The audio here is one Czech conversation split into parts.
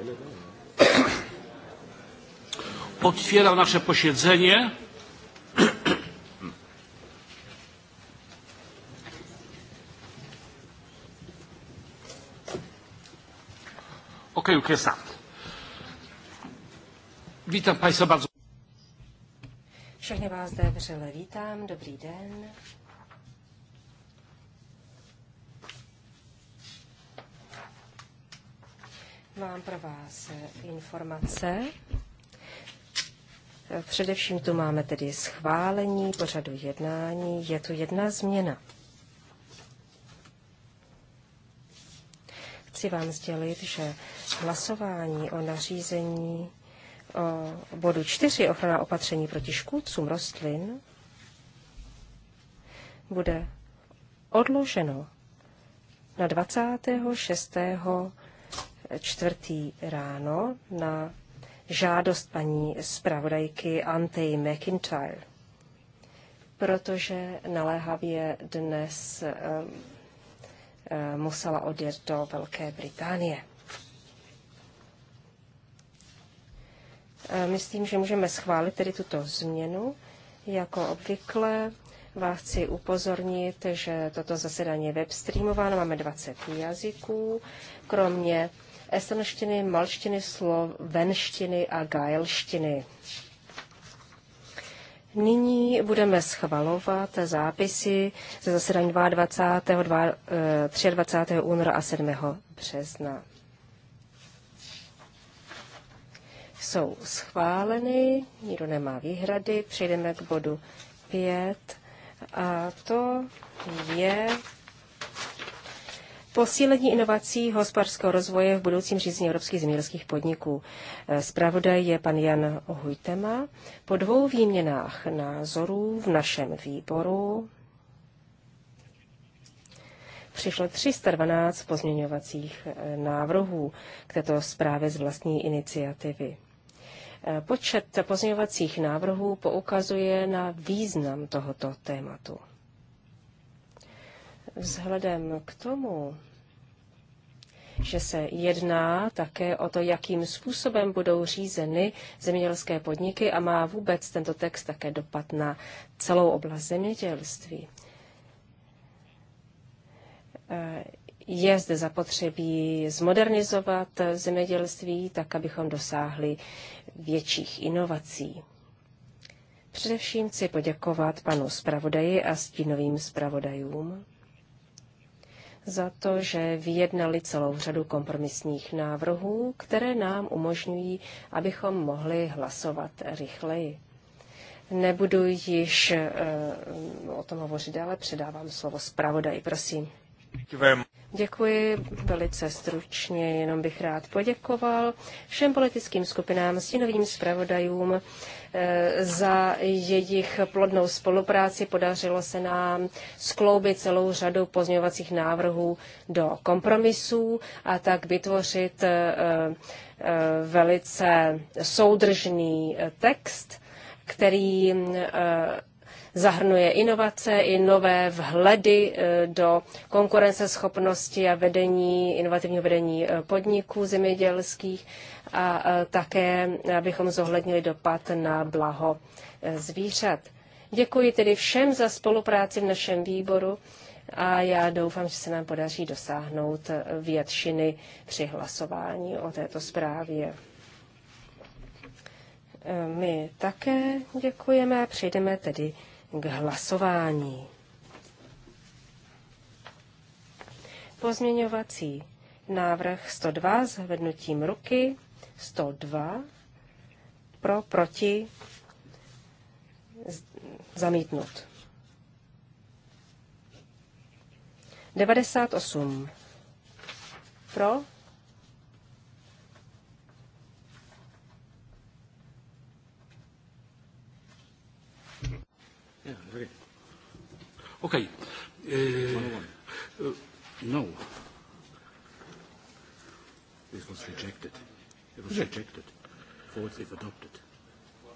Otwieram nasze posiedzenie. Okej, okay, Kresa. Witam Państwa bardzo. Všechny vás zde vřele vítám. Dobrý den. Mám pro vás informace. Především tu máme tedy schválení pořadu jednání. Je tu jedna změna. Chci vám sdělit, že hlasování o nařízení o bodu 4 ochrana opatření proti škůdcům rostlin bude odloženo na 26 čtvrtý ráno na žádost paní zpravodajky Ante McIntyre, protože naléhavě dnes ehm, ehm, musela odjet do Velké Británie. Ehm, myslím, že můžeme schválit tedy tuto změnu. Jako obvykle vás chci upozornit, že toto zasedání je webstreamováno, máme 20 jazyků, kromě estonštiny, malštiny, slovenštiny a gaelštiny. Nyní budeme schvalovat zápisy ze zasedání 22. 22 23. února a 7. března. Jsou schváleny, nikdo nemá výhrady, přejdeme k bodu 5 a to je Posílení inovací hospodářského rozvoje v budoucím řízení evropských zemědělských podniků. Eh, zpravodaj je pan Jan Hujtema. Po dvou výměnách názorů v našem výboru přišlo 312 pozměňovacích eh, návrhů k této zprávě z vlastní iniciativy. Eh, počet pozměňovacích návrhů poukazuje na význam tohoto tématu. Vzhledem k tomu, že se jedná také o to, jakým způsobem budou řízeny zemědělské podniky a má vůbec tento text také dopad na celou oblast zemědělství. Eh, je zde zapotřebí zmodernizovat zemědělství tak, abychom dosáhli větších inovací. Především chci poděkovat panu zpravodaji a stínovým zpravodajům za to, že vyjednali celou řadu kompromisních návrhů, které nám umožňují, abychom mohli hlasovat rychleji. Nebudu již eh, o tom hovořit, ale předávám slovo zpravodaji, prosím. Děkuji velice stručně, jenom bych rád poděkoval všem politickým skupinám, stínovým zpravodajům eh, za jejich plodnou spolupráci. Podařilo se nám skloubit celou řadu pozměňovacích návrhů do kompromisů a tak vytvořit eh, eh, velice soudržný text, který zahrnuje inovace i nové vhledy eh, do konkurenceschopnosti a vedení, inovativního vedení eh, podniků zemědělských a eh, také, abychom zohlednili dopad na blaho zvířat. Děkuji tedy všem za spolupráci v našem výboru a já doufám, že se nám podaří dosáhnout většiny při hlasování o této zprávě. My také děkujeme a přejdeme tedy k hlasování. Pozměňovací návrh 102 s hvednutím ruky, 102 pro, proti, zamítnut. 98 pro, Yeah, okay. Uh, Uh, no. This was rejected. It was rejected. Fourth, if adopted.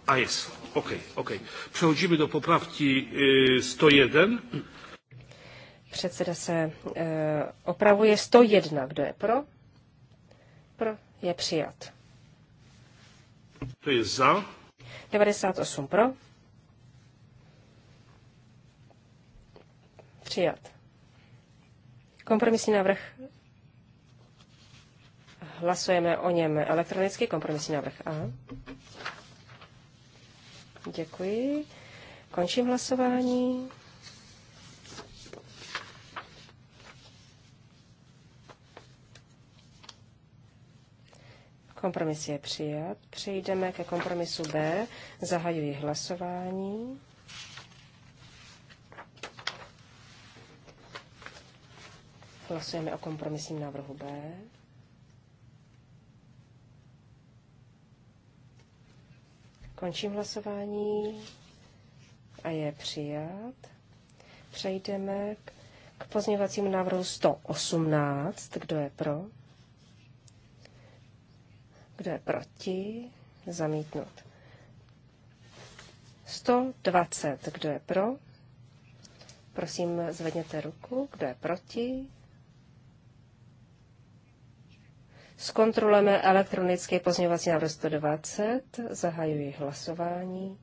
A jest, okej, okay, Okay. Przechodzimy do poprawki y, 101. Předseda se e, opravuje 101. Kdo je pro? Pro je přijat. To je za. 98 pro. přijat. Kompromisní návrh. Hlasujeme o něm elektronicky. Kompromisní návrh A. Děkuji. Končím hlasování. Kompromis je přijat. Přejdeme ke kompromisu B. Zahajuji hlasování. Hlasujeme o kompromisním návrhu B. Končím hlasování a je přijat. Přejdeme k pozměňovacímu návrhu 118. Kdo je pro? Kdo je proti? Zamítnut. 120. Kdo je pro? Prosím, zvedněte ruku. Kdo je proti? Zkontrolujeme elektronický pozměňovací návrh 120. Zahajuji hlasování.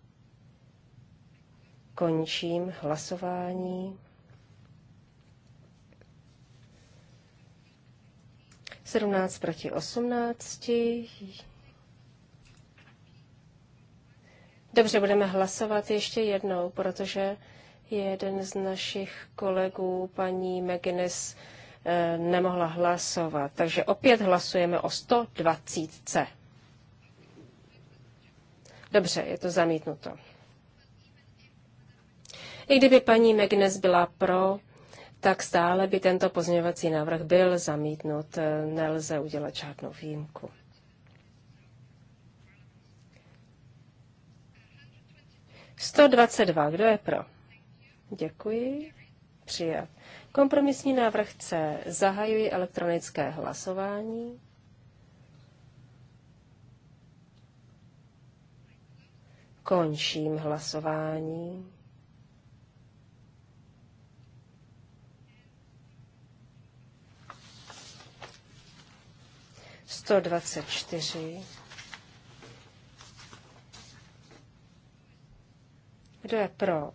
Končím hlasování. Sedmnáct proti osmnácti. Dobře, budeme hlasovat ještě jednou, protože jeden z našich kolegů, paní McGuinness, Eh, nemohla hlasovat. Takže opět hlasujeme o 120. Dobře, je to zamítnuto. I kdyby paní Megnes byla pro, tak stále by tento pozměňovací návrh byl zamítnut. Eh, Nelze udělat žádnou výjimku. Sto dvacet dva. Kdo je pro? Děkuji. Přijat. Kompromisní návrh C. Zahajuji elektronické hlasování. Končím hlasování. Sto dvacet čtyři. Kdo je pro?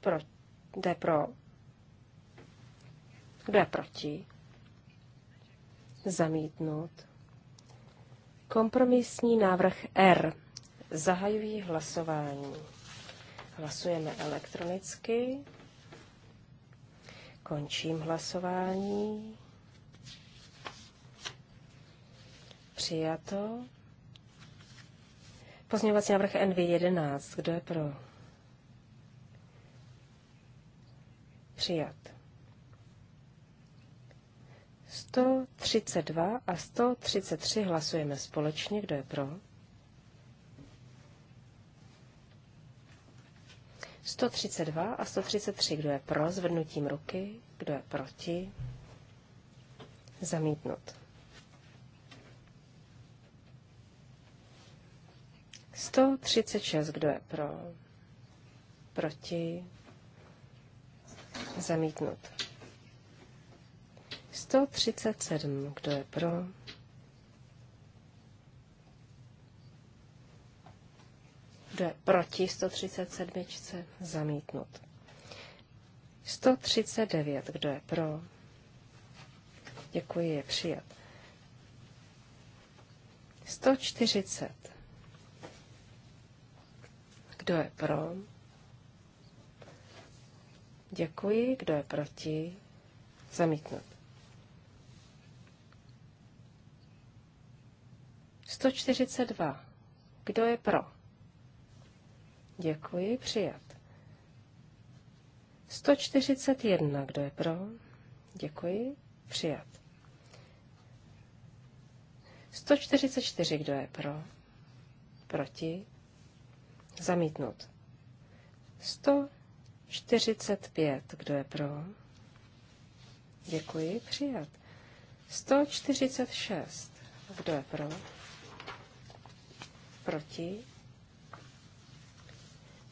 pro? Kdo je pro? Kdo je proti? Zamítnout. Kompromisní návrh R. Zahajují hlasování. Hlasujeme elektronicky. Končím hlasování. Přijato. Pozměňovací návrh NV11. Kdo je pro? Přijat. 132 a 133 hlasujeme společně. Kdo je pro? 132 a 133. Kdo je pro zvednutím ruky? Kdo je proti? Zamítnut. 136. Kdo je pro? Proti? Zamítnut. 137. Kdo je pro? Kdo je proti 137? Zamítnut. 139. Kdo je pro? Děkuji, je přijat. 140. Kdo je pro? Děkuji. Kdo je proti? Zamítnut. 142. Kdo je pro? Děkuji, přijat. 141. Kdo je pro? Děkuji, přijat. 144. Kdo je pro? Proti? Zamítnut. 145. Kdo je pro? Děkuji, přijat. 146. Kdo je pro? proti,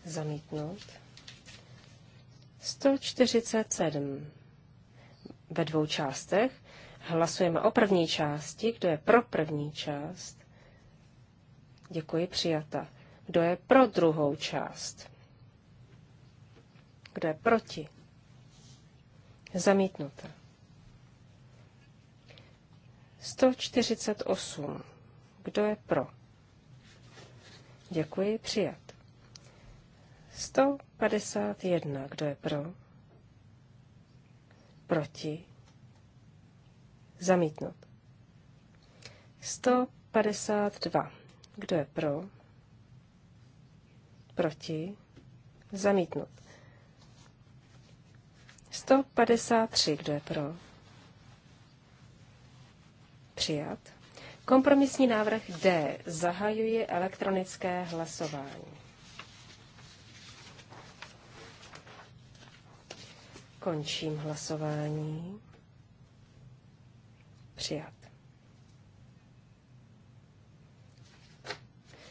zamítnout. 147 ve dvou částech. Hlasujeme o první části. Kdo je pro první část? Děkuji, přijata. Kdo je pro druhou část? Kdo je proti? Zamítnuta. 148. Kdo je pro? Děkuji, přijat. 151. Kdo je pro? Proti? Zamítnut. 152. Kdo je pro? Proti? Zamítnut. 153. Kdo je pro? Přijat. Kompromisní návrh D zahajuje elektronické hlasování. Končím hlasování. Přijat.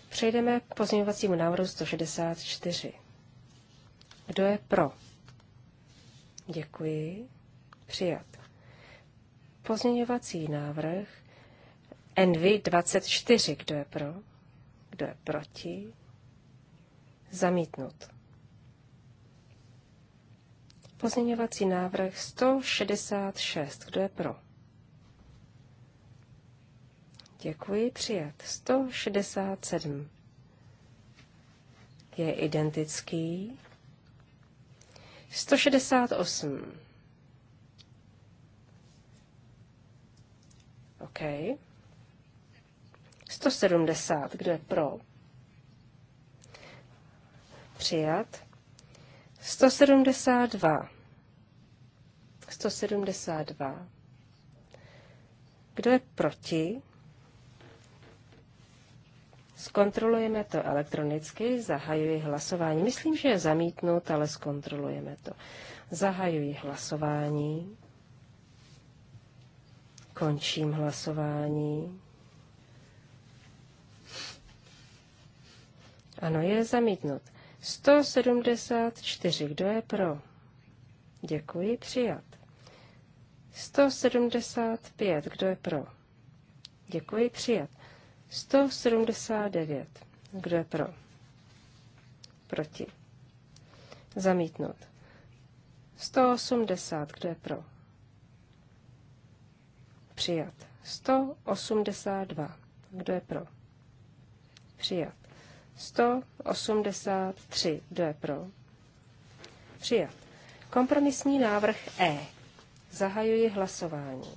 Přejdeme k pozměňovacímu návrhu 164. Kdo je pro? Děkuji. Přijat. Pozměňovací návrh Envy 24. Kdo je pro? Kdo je proti? Zamítnut. Pozměňovací návrh 166. Kdo je pro? Děkuji, přijat. 167 je identický. 168. OK. 170, kdo je pro? Přijat. 172. 172. Kdo je proti? Zkontrolujeme to elektronicky, zahajuji hlasování. Myslím, že je zamítnut, ale zkontrolujeme to. Zahajuji hlasování. Končím hlasování. Ano, je zamítnut. 174. Kdo je pro? Děkuji, přijat. 175. Kdo je pro? Děkuji, přijat. 179. Kdo je pro? Proti. Zamítnut. 180. Kdo je pro? Přijat. 182. Kdo je pro? Přijat. 183. Kdo je pro? Přijat. Kompromisní návrh E. Zahajuji hlasování.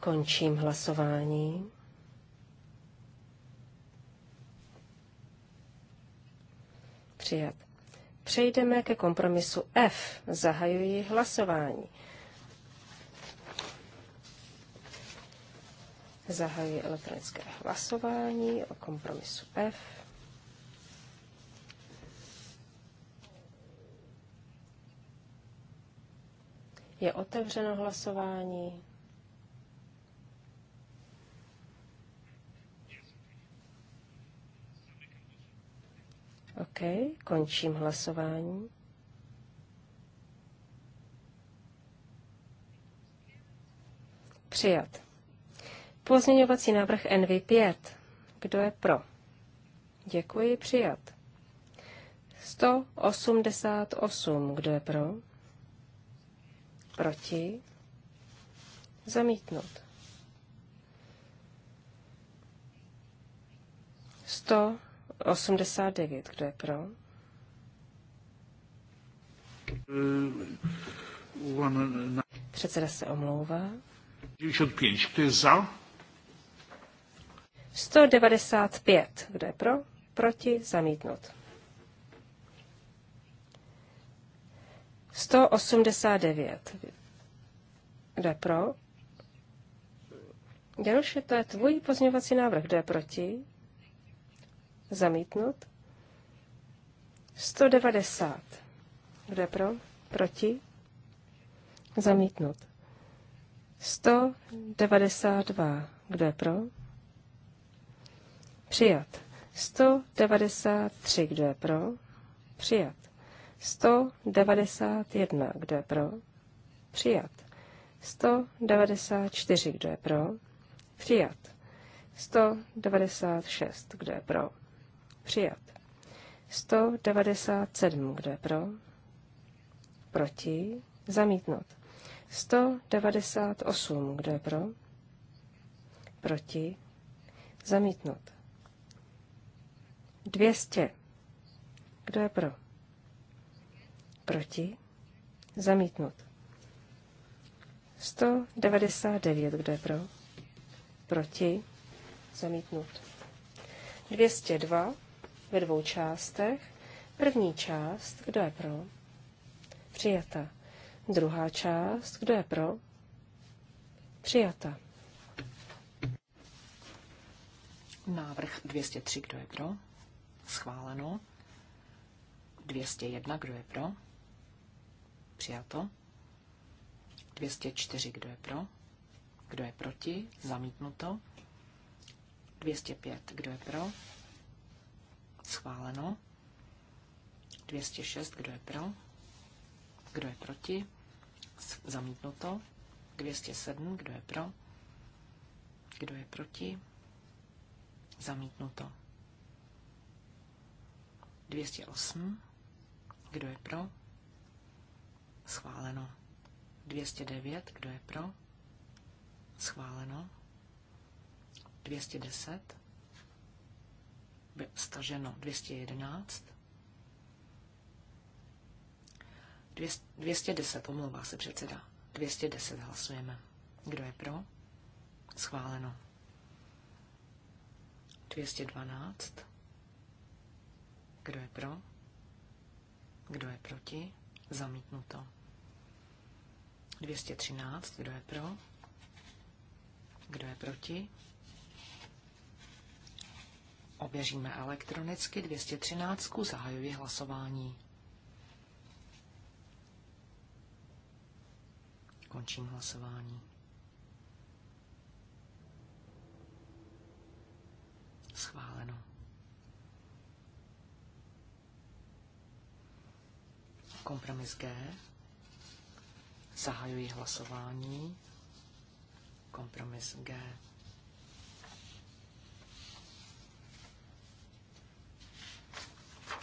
Končím hlasování. Přijat. Přejdeme ke kompromisu F. Zahajuji hlasování. Zahajuji elektronické hlasování o kompromisu F. Je otevřeno hlasování. OK, končím hlasování. Přijat. Pozměňovací návrh NV5. Kdo je pro? Děkuji, přijat. 188. Kdo je pro? Proti? Zamítnut. 189. Kdo je pro? Ehm, Předseda se omlouvá. 95. Kdo je za? 195. Kdo je pro? Proti? Zamítnut. 189. Kdo je pro? Januše, to je tvůj pozměňovací návrh. Kdo je proti? Zamítnut. 190. Kdo je pro? Proti? Zamítnut. 192. Kdo je pro? Přijat. 193, kdo je pro? Přijat. 191, kdo je pro? Přijat. 194, kdo je pro? Přijat. 196, kdo je pro? Přijat. 197, kdo je pro? Proti? zamítnout 198, kdo je pro? Proti? zamítnout. 200. Kdo je pro? Proti? Zamítnut. 199. Kdo je pro? Proti? Zamítnut. 202 ve dvou částech. První část, kdo je pro? Přijata. Druhá část, kdo je pro? Přijata. Návrh 203, kdo je pro? Schváleno. 201, kdo je pro? Přijato. 204, kdo je pro? Kdo je proti? Zamítnuto. 205, kdo je pro? Schváleno. 206, kdo je pro? Kdo je proti? Zamítnuto. 207, kdo je pro? Kdo je proti? Zamítnuto. 208. Kdo je pro? Schváleno. 209. Kdo je pro? Schváleno. 210. Staženo. 211. 210, omlouvá se předseda. 210 hlasujeme. Kdo je pro? Schváleno. 212. Kdo je pro? Kdo je proti? Zamítnuto. 213. Kdo je pro? Kdo je proti? Ověříme elektronicky 213. Zahajuji hlasování. Končím hlasování. Schváleno. Kompromis G. Zahajuji hlasování. Kompromis G.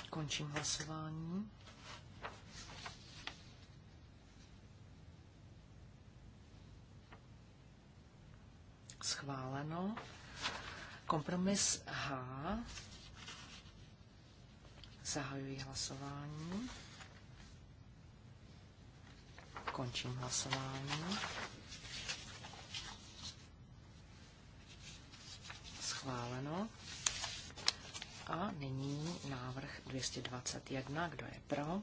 Končím hlasování. Schváleno. Kompromis H. Zahajuji hlasování. Končím hlasování. Schváleno. A nyní návrh 221. Kdo je pro?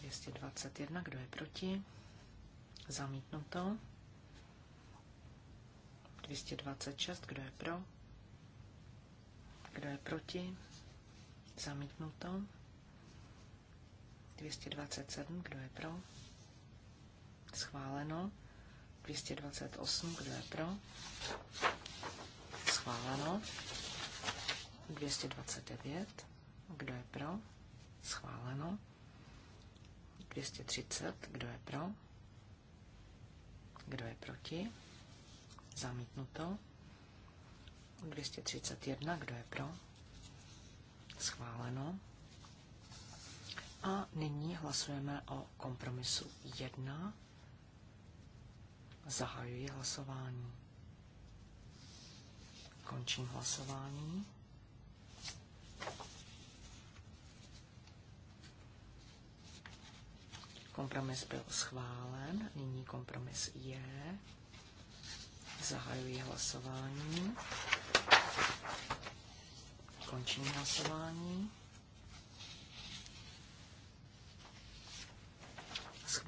221. Kdo je proti? Zamítnuto. 226. Kdo je pro? Kdo je proti? Zamítnuto. 227, kdo je pro? Schváleno. 228, kdo je pro? Schváleno. 229, kdo je pro? Schváleno. 230, kdo je pro? Kdo je proti? Zamítnuto. 231, kdo je pro? Schváleno. A nyní hlasujeme o kompromisu 1. Zahajuji hlasování. Končím hlasování. Kompromis byl schválen, nyní kompromis je. Zahajuji hlasování. Končím hlasování.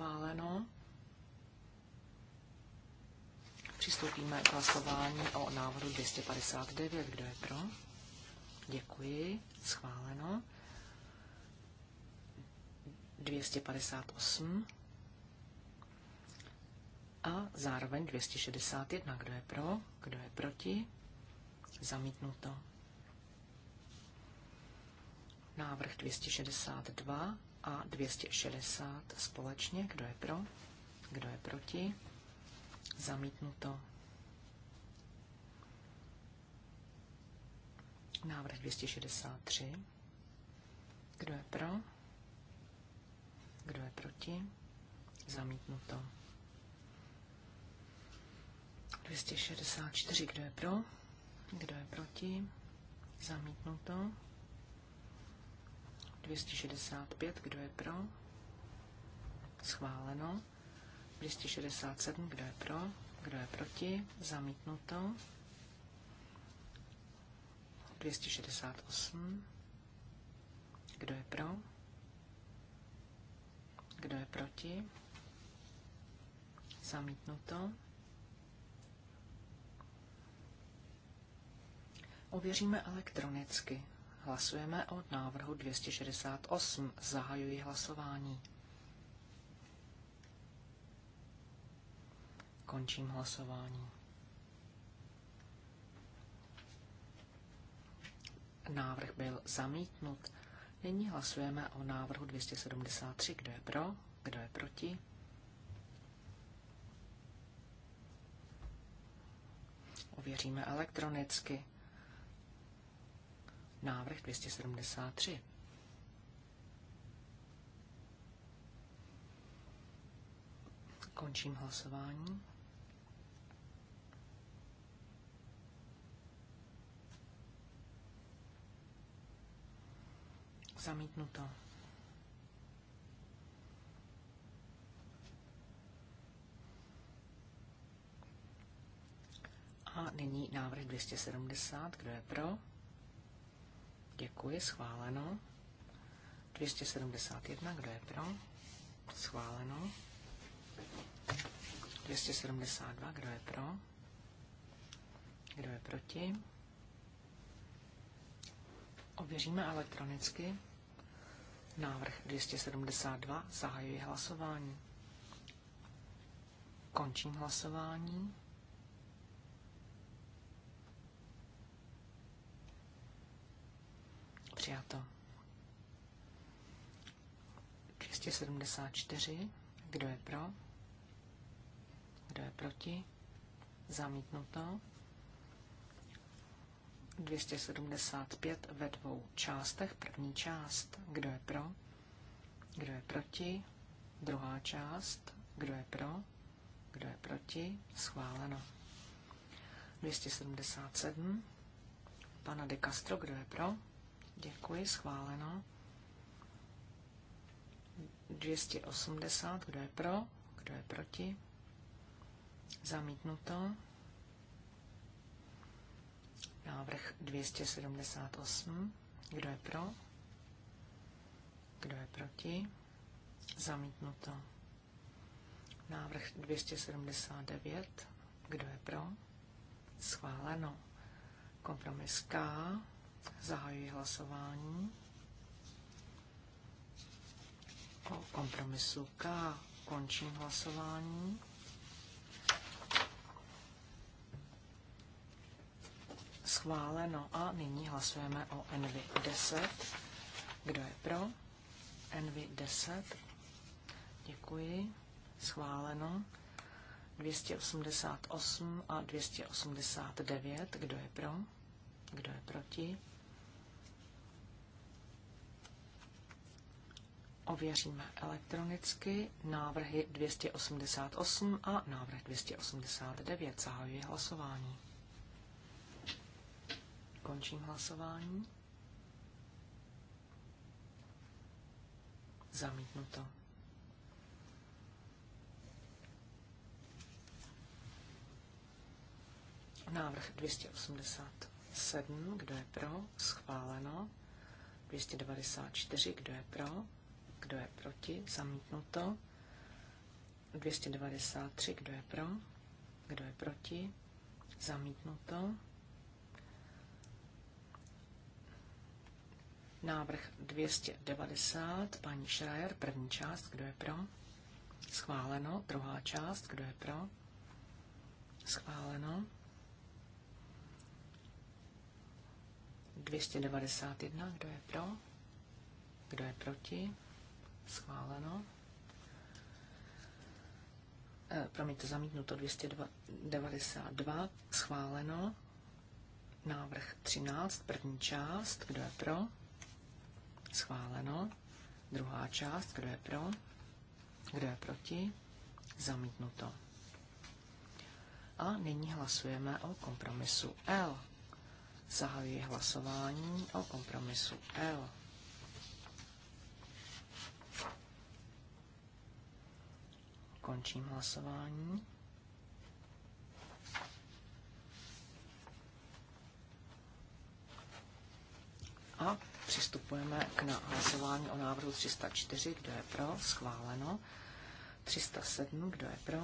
schváleno. Přistoupíme k hlasování o návrhu 259. Kdo je pro? Děkuji. Schváleno. 258 a zároveň 261. Kdo je pro, kdo je proti? Zamítnuto. Návrh 262 a 260 společně. Kdo je pro? Kdo je proti? Zamítnuto. Návrh 263. Kdo je pro? Kdo je proti? Zamítnuto. 264. Kdo je pro? Kdo je proti? Zamítnuto. 265, kdo je pro? Schváleno. 267, kdo je pro? Kdo je proti? Zamítnuto. 268. Kdo je pro? Kdo je proti? Zamítnuto. Ověříme elektronicky. Hlasujeme o návrhu 268. Zahajuji hlasování. Končím hlasování. Návrh byl zamítnut. Nyní hlasujeme o návrhu 273. Kdo je pro? Kdo je proti? Ověříme elektronicky návrh 273. Končím hlasování. Zamítnuto. A nyní návrh 270. Kdo je pro? Děkuji, schváleno. 271, kdo je pro? Schváleno. 272, kdo je pro? Kdo je proti? Ověříme elektronicky. Návrh 272, zahajuji hlasování. Končím hlasování. Přijato. 274. Kdo je pro? Kdo je proti? Zamítnuto. 275 ve dvou částech. První část. Kdo je pro? Kdo je proti? Druhá část. Kdo je pro? Kdo je proti? Schváleno. 277. Pana de Castro, kdo je pro? Děkuji, schváleno. 280, kdo je pro, kdo je proti. Zamítnuto. Návrh 278, kdo je pro, kdo je proti. Zamítnuto. Návrh 279, kdo je pro, schváleno. Kompromis K, Zahajuji hlasování o kompromisu K. Končím hlasování. Schváleno a nyní hlasujeme o NV10. Kdo je pro? NV10. Děkuji. Schváleno. 288 a 289. Kdo je pro? Kdo je proti? Ověříme elektronicky návrhy 288 a návrh 289. Zahajuji hlasování. Končím hlasování. Zamítnuto. Návrh 280. 7, kdo je pro, schváleno. 294, kdo je pro, kdo je proti, zamítnuto. 293, kdo je pro, kdo je proti, zamítnuto. Návrh 290, paní Schreier, první část, kdo je pro? Schváleno. Druhá část, kdo je pro? Schváleno. 291. Kdo je pro? Kdo je proti? Schváleno. E, promiňte, zamítnuto 292. Schváleno. Návrh 13, první část. Kdo je pro? Schváleno. Druhá část. Kdo je pro? Kdo je proti? Zamítnuto. A nyní hlasujeme o kompromisu L. Zahajuji hlasování o kompromisu L. Končím hlasování. A přistupujeme k na hlasování o návrhu 304. Kdo je pro? Schváleno. 307. Kdo je pro?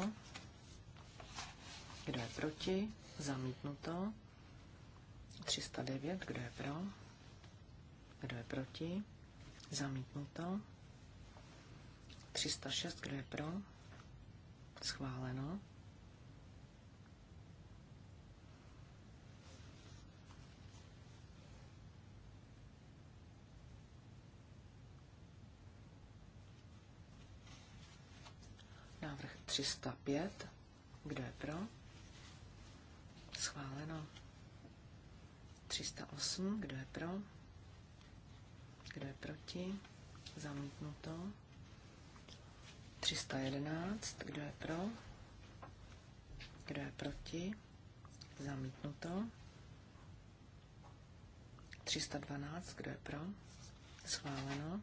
Kdo je proti? Zamítnuto. 309. Kdo je pro? Kdo je proti? Zamítnuto. 306. Kdo je pro? Schváleno. Návrh 305. Kdo je pro? Schváleno. 308. Kdo je pro? Kdo je proti? Zamítnuto. 311. Kdo je pro? Kdo je proti? Zamítnuto. 312. Kdo je pro? Schváleno.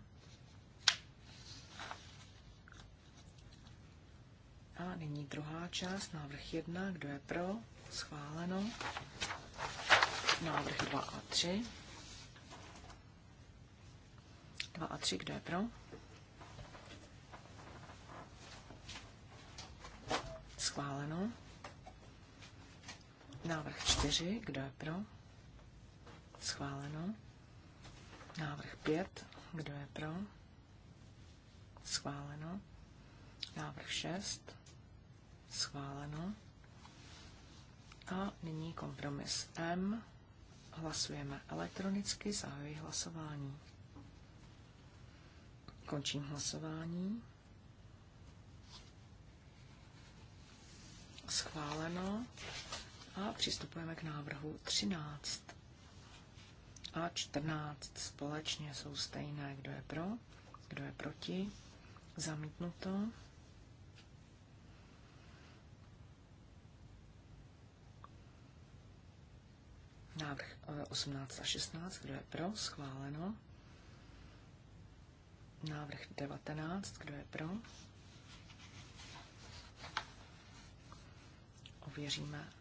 A nyní druhá část, návrh 1. Kdo je pro? Schváleno. Návrh 2 a 3. 2 a 3, kdo je pro? Schváleno. Návrh 4, kdo je pro? Schváleno. Návrh 5, kdo je pro? Schváleno. Návrh 6, schváleno. A nyní kompromis M. Hlasujeme elektronicky, zahajuji hlasování. Končím hlasování. Schváleno. A přistupujeme k návrhu 13. A 14 společně jsou stejné. Kdo je pro? Kdo je proti? Zamítnuto. Návrh 18 eh, a 16, kdo je pro, schváleno. Návrh 19, kdo je pro. Ověříme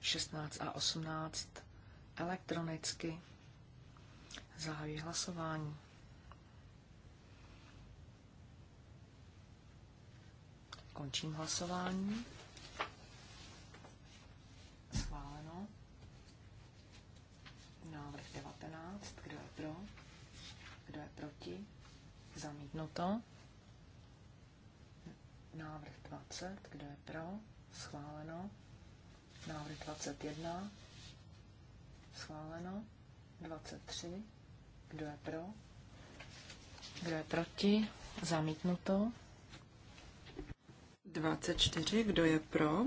16 a 18 elektronicky. Zahajuji hlasování. Končím hlasování. pro? Kdo je proti? Zamítnuto. Návrh 20. Kdo je pro? Schváleno. Návrh 21. Schváleno. 23. Kdo je pro? Kdo je proti? Zamítnuto. 24. Kdo je pro?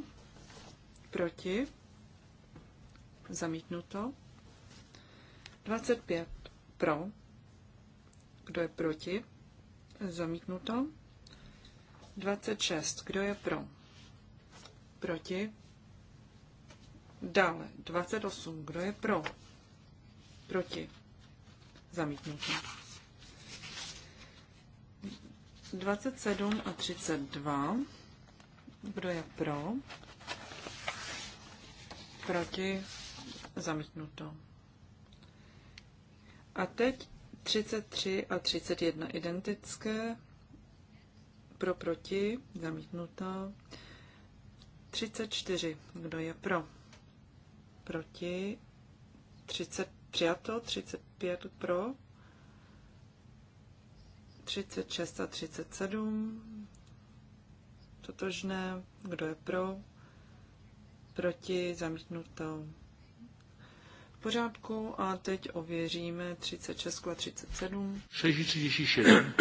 Proti? Zamítnuto. 25 pro? Kdo je proti? Zamítnuto. 26. Kdo je pro? Proti? Dále. 28. Kdo je pro? Proti? Zamítnuto. 27 a 32. Kdo je pro? Proti? Zamítnuto. A teď 33 a 31 identické, pro proti, zamítnuto. 34, kdo je pro? Proti, 30, přijato, 35 pro, 36 a 37, totožné, kdo je pro, proti, zamítnuto pořádku a teď ověříme 36 a 37. 37.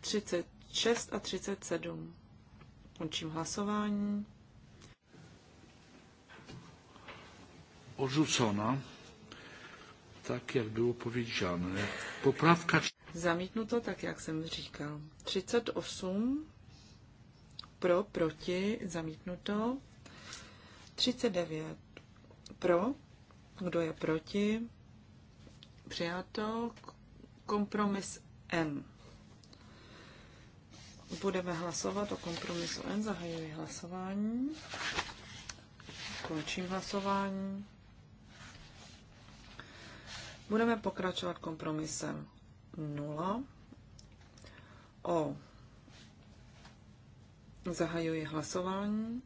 36 a 37. Končím hlasování. Odrzucona, tak jak bylo pověděno. Zamítnu Zamítnuto, tak jak jsem říkal. 38 pro, proti, zamítnuto. 39 pro, kdo je proti? Přijato. Kompromis N. Budeme hlasovat o kompromisu N. Zahajuji hlasování. Končím hlasování. Budeme pokračovat kompromisem 0. O. Zahajuji hlasování.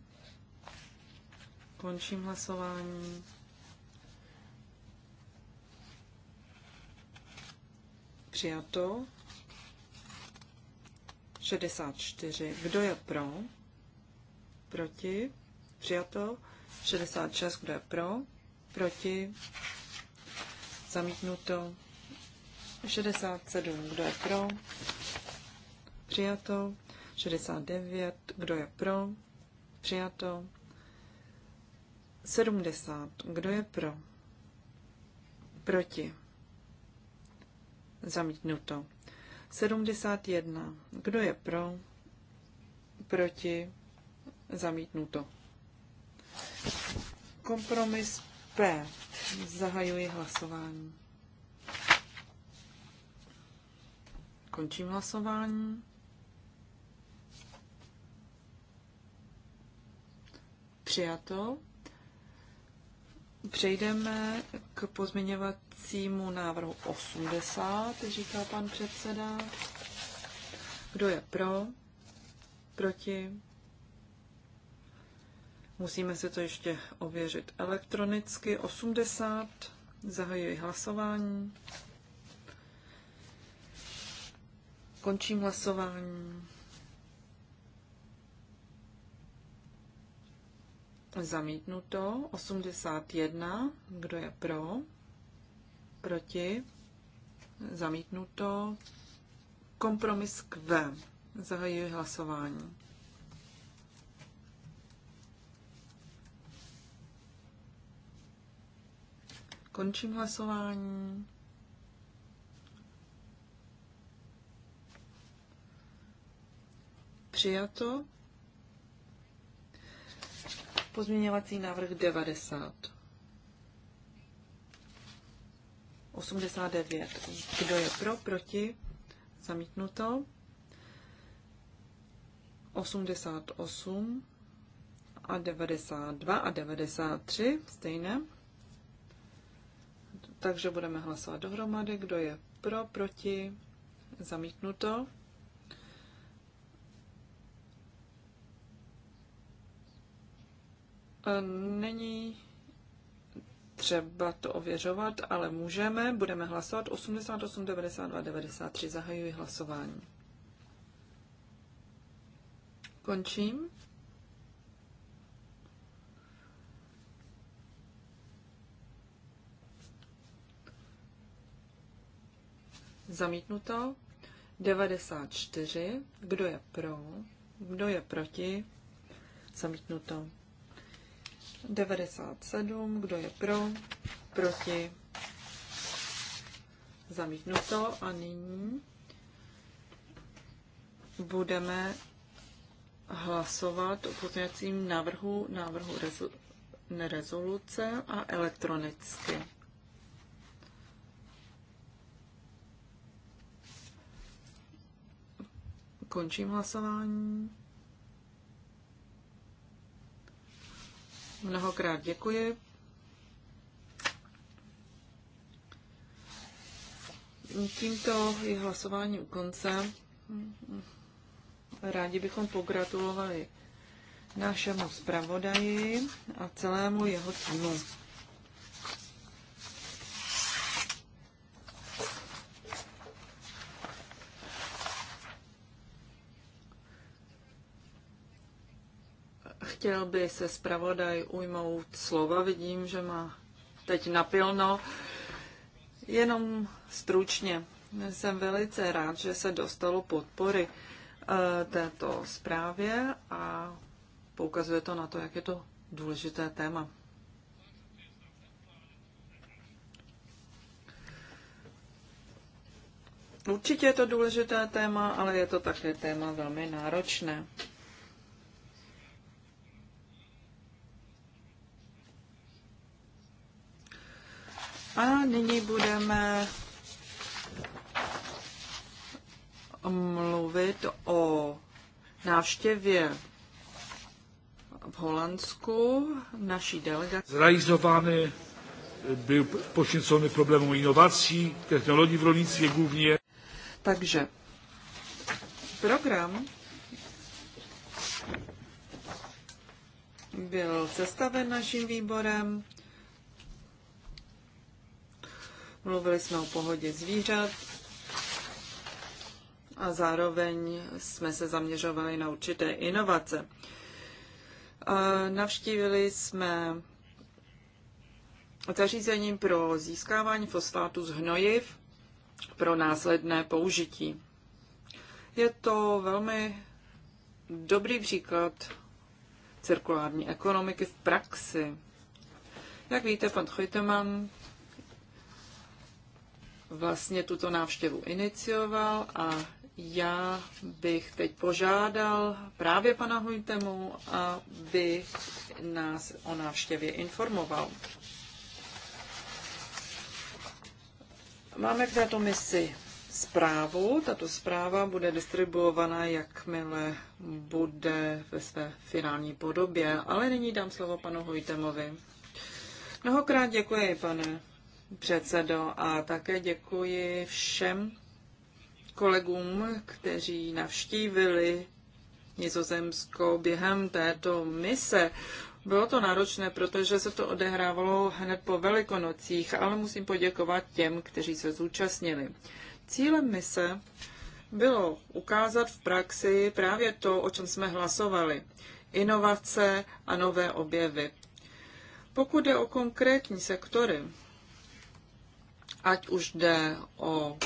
Končím hlasování. Přijato. 64. Kdo je pro? Proti. Přijato. 66. Kdo je pro? Proti. Zamítnuto. 67. Kdo je pro? Přijato. 69. Kdo je pro? Přijato. 70. Kdo je pro? Proti. Zamítnuto. 71. Kdo je pro? Proti? Zamítnuto. Kompromis P. Zahajuji hlasování. Končím hlasování. Přijato. Přejdeme k pozměňovacímu návrhu 80, říká pan předseda. Kdo je pro? Proti? Musíme si to ještě ověřit elektronicky. 80. Zahajuji hlasování. Končím hlasování. Zamítnuto. 81. Kdo je pro? Proti? Zamítnuto. Kompromis V. Zahajuji hlasování. Končím hlasování. Přijato. Pozměňovací návrh 90. 89. Kdo je pro, proti? Zamítnuto. 88 a 92 a 93 stejné. Takže budeme hlasovat dohromady, kdo je pro, proti, zamítnuto. E, není třeba to ověřovat, ale můžeme, budeme hlasovat 88, 92, 93. Zahajuji hlasování. Končím. Zamítnuto. 94. Kdo je pro? Kdo je proti? Zamítnuto. 97, kdo je pro, proti, zamítnuto a nyní budeme hlasovat o pozměňovacím návrhu, návrhu rezu, rezoluce a elektronicky. Končím hlasování. Mnohokrát děkuji. Tímto je hlasování u konce. Rádi bychom pogratulovali našemu zpravodaji a celému jeho týmu. Chtěl by se zpravodaj ujmout slova, vidím, že má teď napilno. Jenom stručně. Jsem velice rád, že se dostalo podpory eh, této zprávě a poukazuje to na to, jak je to důležité téma. Určitě je to důležité téma, ale je to také téma velmi náročné. A nyní budeme mluvit o návštěvě v Holandsku naší delegace. Zrealizovány byl poświęcony problém inovací, technologií v rolnictví hlavně. Takže program byl sestaven naším výborem Mluvili jsme o pohodě zvířat a zároveň jsme se zaměřovali na určité inovace. Navštívili jsme zařízení pro získávání fosfátu z hnojiv pro následné použití. Je to velmi dobrý příklad cirkulární ekonomiky v praxi. Jak víte, pan Chojteman vlastně tuto návštěvu inicioval a já bych teď požádal právě pana Hojtemu, aby nás o návštěvě informoval. Máme k této misi zprávu. Tato zpráva bude distribuovaná, jakmile bude ve své finální podobě. Ale nyní dám slovo panu Hojtemovi. Mnohokrát děkuji, pane předsedo, a také děkuji všem kolegům, kteří navštívili Nizozemsko během této mise. Bylo to náročné, protože se to odehrávalo hned po velikonocích, ale musím poděkovat těm, kteří se zúčastnili. Cílem mise bylo ukázat v praxi právě to, o čem jsme hlasovali. Inovace a nové objevy. Pokud jde o konkrétní sektory, ať už jde o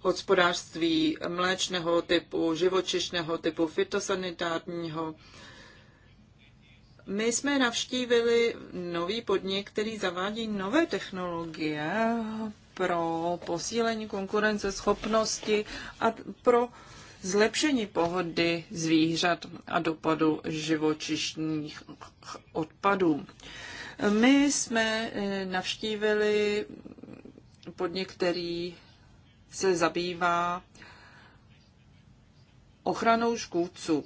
hospodářství mléčného typu, živočišného typu, fitosanitárního. My jsme navštívili nový podnik, který zavádí nové technologie pro posílení konkurenceschopnosti a pro zlepšení pohody zvířat a dopadu živočišních odpadů. My jsme eh, navštívili podnik, který se zabývá ochranou škůdců,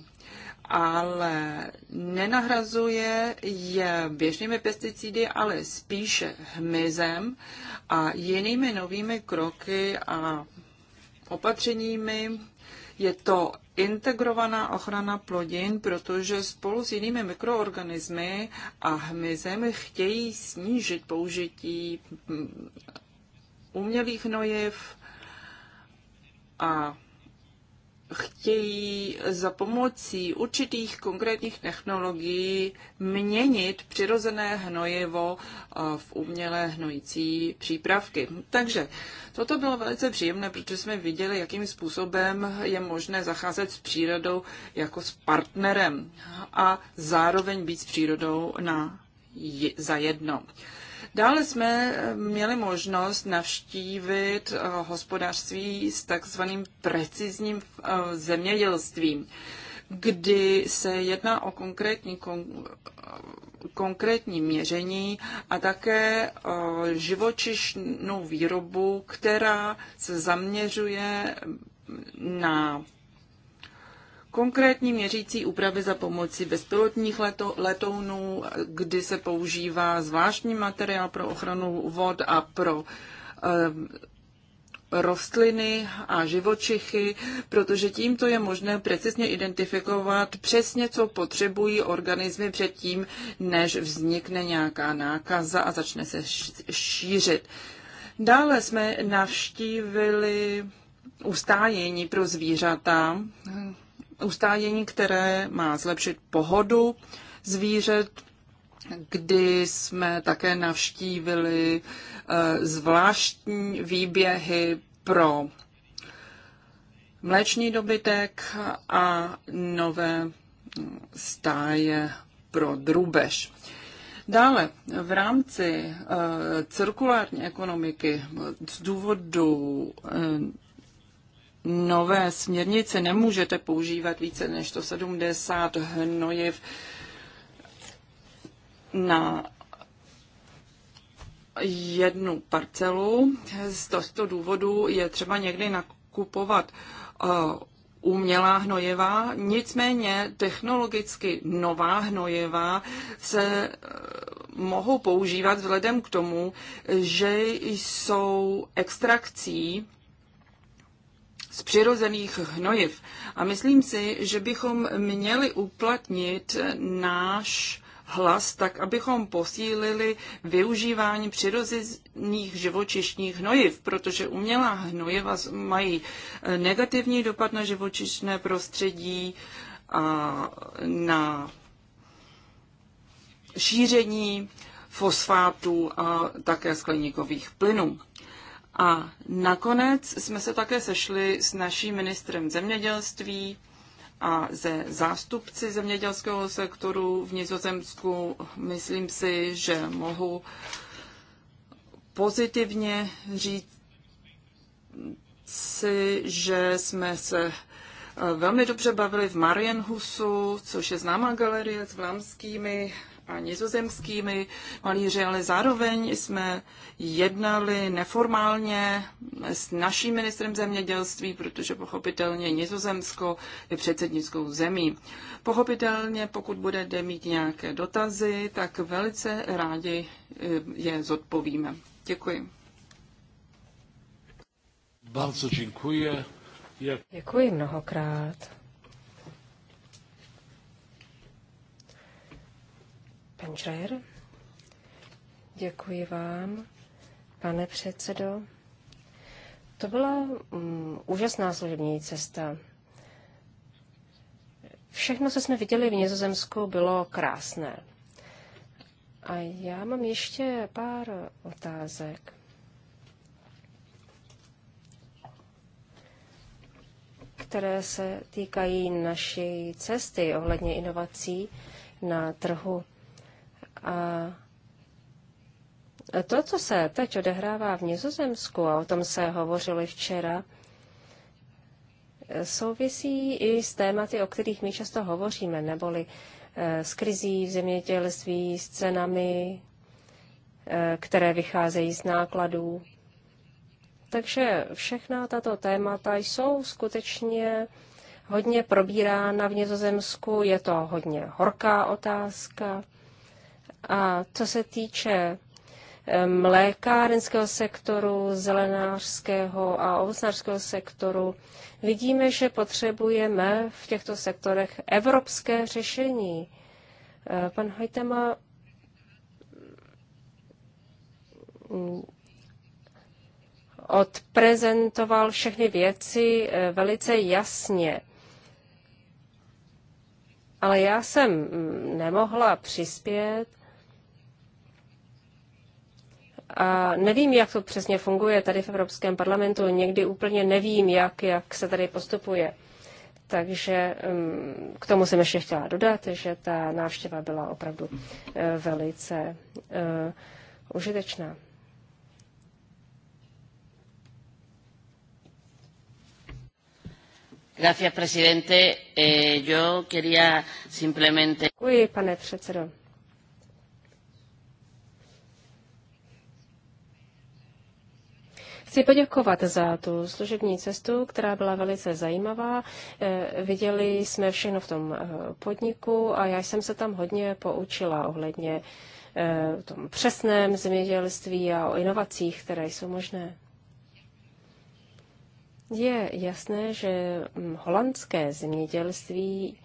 ale nenahrazuje je běžnými pesticidy, ale spíše hmyzem a jinými novými kroky a opatřeními. Je to integrovaná ochrana plodin, protože spolu s jinými mikroorganismy a hmyzem chtějí snížit použití hm, umělých hnojiv a chtějí za pomocí určitých konkrétních technologií měnit přirozené hnojivo eh, v umělé hnojící přípravky. Takže toto bylo velice příjemné, protože jsme viděli, jakým způsobem je možné zacházet s přírodou jako s partnerem a zároveň být s přírodou na, za jedno. Dále jsme eh, měli možnost navštívit eh, hospodářství s takzvaným precizním eh, zemědělstvím, kdy se jedná o konkrétní konkrétní měření a také živočišnou výrobu, která se zaměřuje na konkrétní měřící úpravy za pomoci bezpilotních leto, letounů, kdy se používá zvláštní materiál pro ochranu vod a pro eh, rostliny a živočichy, protože tímto je možné precizně identifikovat přesně, co potřebují organismy předtím, než vznikne nějaká nákaza a začne se šířit. Dále jsme navštívili ustájení pro zvířata, ustájení, které má zlepšit pohodu zvířat, kdy jsme také navštívili eh, zvláštní výběhy pro mléční dobytek a nové mm, stáje pro drůbež. Dále, v rámci eh, cirkulární ekonomiky z důvodu eh, nové směrnice nemůžete používat více než 170 hnojiv na jednu parcelu. Z tohoto důvodu je třeba někdy nakupovat uh, umělá hnojiva, nicméně technologicky nová hnojiva se uh, mohou používat vzhledem k tomu, že jsou extrakcí z přirozených hnojiv. A myslím si, že bychom měli uplatnit náš hlas, tak abychom posílili využívání přirozených živočišních hnojiv, protože umělá hnojiva mají eh, negativní dopad na živočišné prostředí, a na šíření fosfátů a také skleníkových plynů. A nakonec jsme se také sešli s naším ministrem zemědělství a ze zástupci zemědělského sektoru v Nizozemsku. Myslím si, že mohu pozitivně říct si, že jsme se eh, velmi dobře bavili v Marienhusu, což je známá galerie s vlámskými a nizozemskými malíři, ale zároveň jsme jednali neformálně s naším ministrem zemědělství, protože pochopitelně Nizozemsko je předsednickou zemí. Pochopitelně, pokud budete mít nějaké dotazy, tak velice rádi eh, je zodpovíme. Děkuji. Bardzo dziękuję. Děkuji mnohokrát. Pan Děkuji vám, pane předsedo. To byla um, úžasná služební cesta. Všechno, co jsme viděli v Nizozemsku, bylo krásné. A já mám ještě pár otázek. které se týkají naší cesty ohledně inovací na trhu a to, co se teď odehrává v Nizozemsku, a o tom se hovořilo včera, souvisí i s tématy, o kterých my často hovoříme, neboli eh, s krizí v zemědělství, s cenami, eh, které vycházejí z nákladů. Takže všechna tato témata jsou skutečně hodně probírána v Nizozemsku, je to hodně horká otázka. A co se týče mlékárenského sektoru, zelenářského a ovocnářského sektoru, vidíme, že potřebujeme v těchto sektorech evropské řešení. E, pan Hojtema mm, odprezentoval všechny věci e, velice jasně. Ale já jsem mm, nemohla přispět, a nevím, jak to přesně funguje tady v Evropském parlamentu. Někdy úplně nevím, jak, jak se tady postupuje. Takže mm, k tomu jsem ještě chtěla dodat, že ta návštěva byla opravdu eh, velice eh, užitečná. Gracias, presidente. Eh, yo quería simplemente... Děkuji, pane předsedo. Chci poděkovat za tu služební cestu, která byla velice zajímavá. Eh, viděli jsme všechno v tom eh, podniku a já jsem se tam hodně poučila ohledně eh, tom přesném zemědělství a o inovacích, které jsou možné. Je jasné, že hm, holandské zemědělství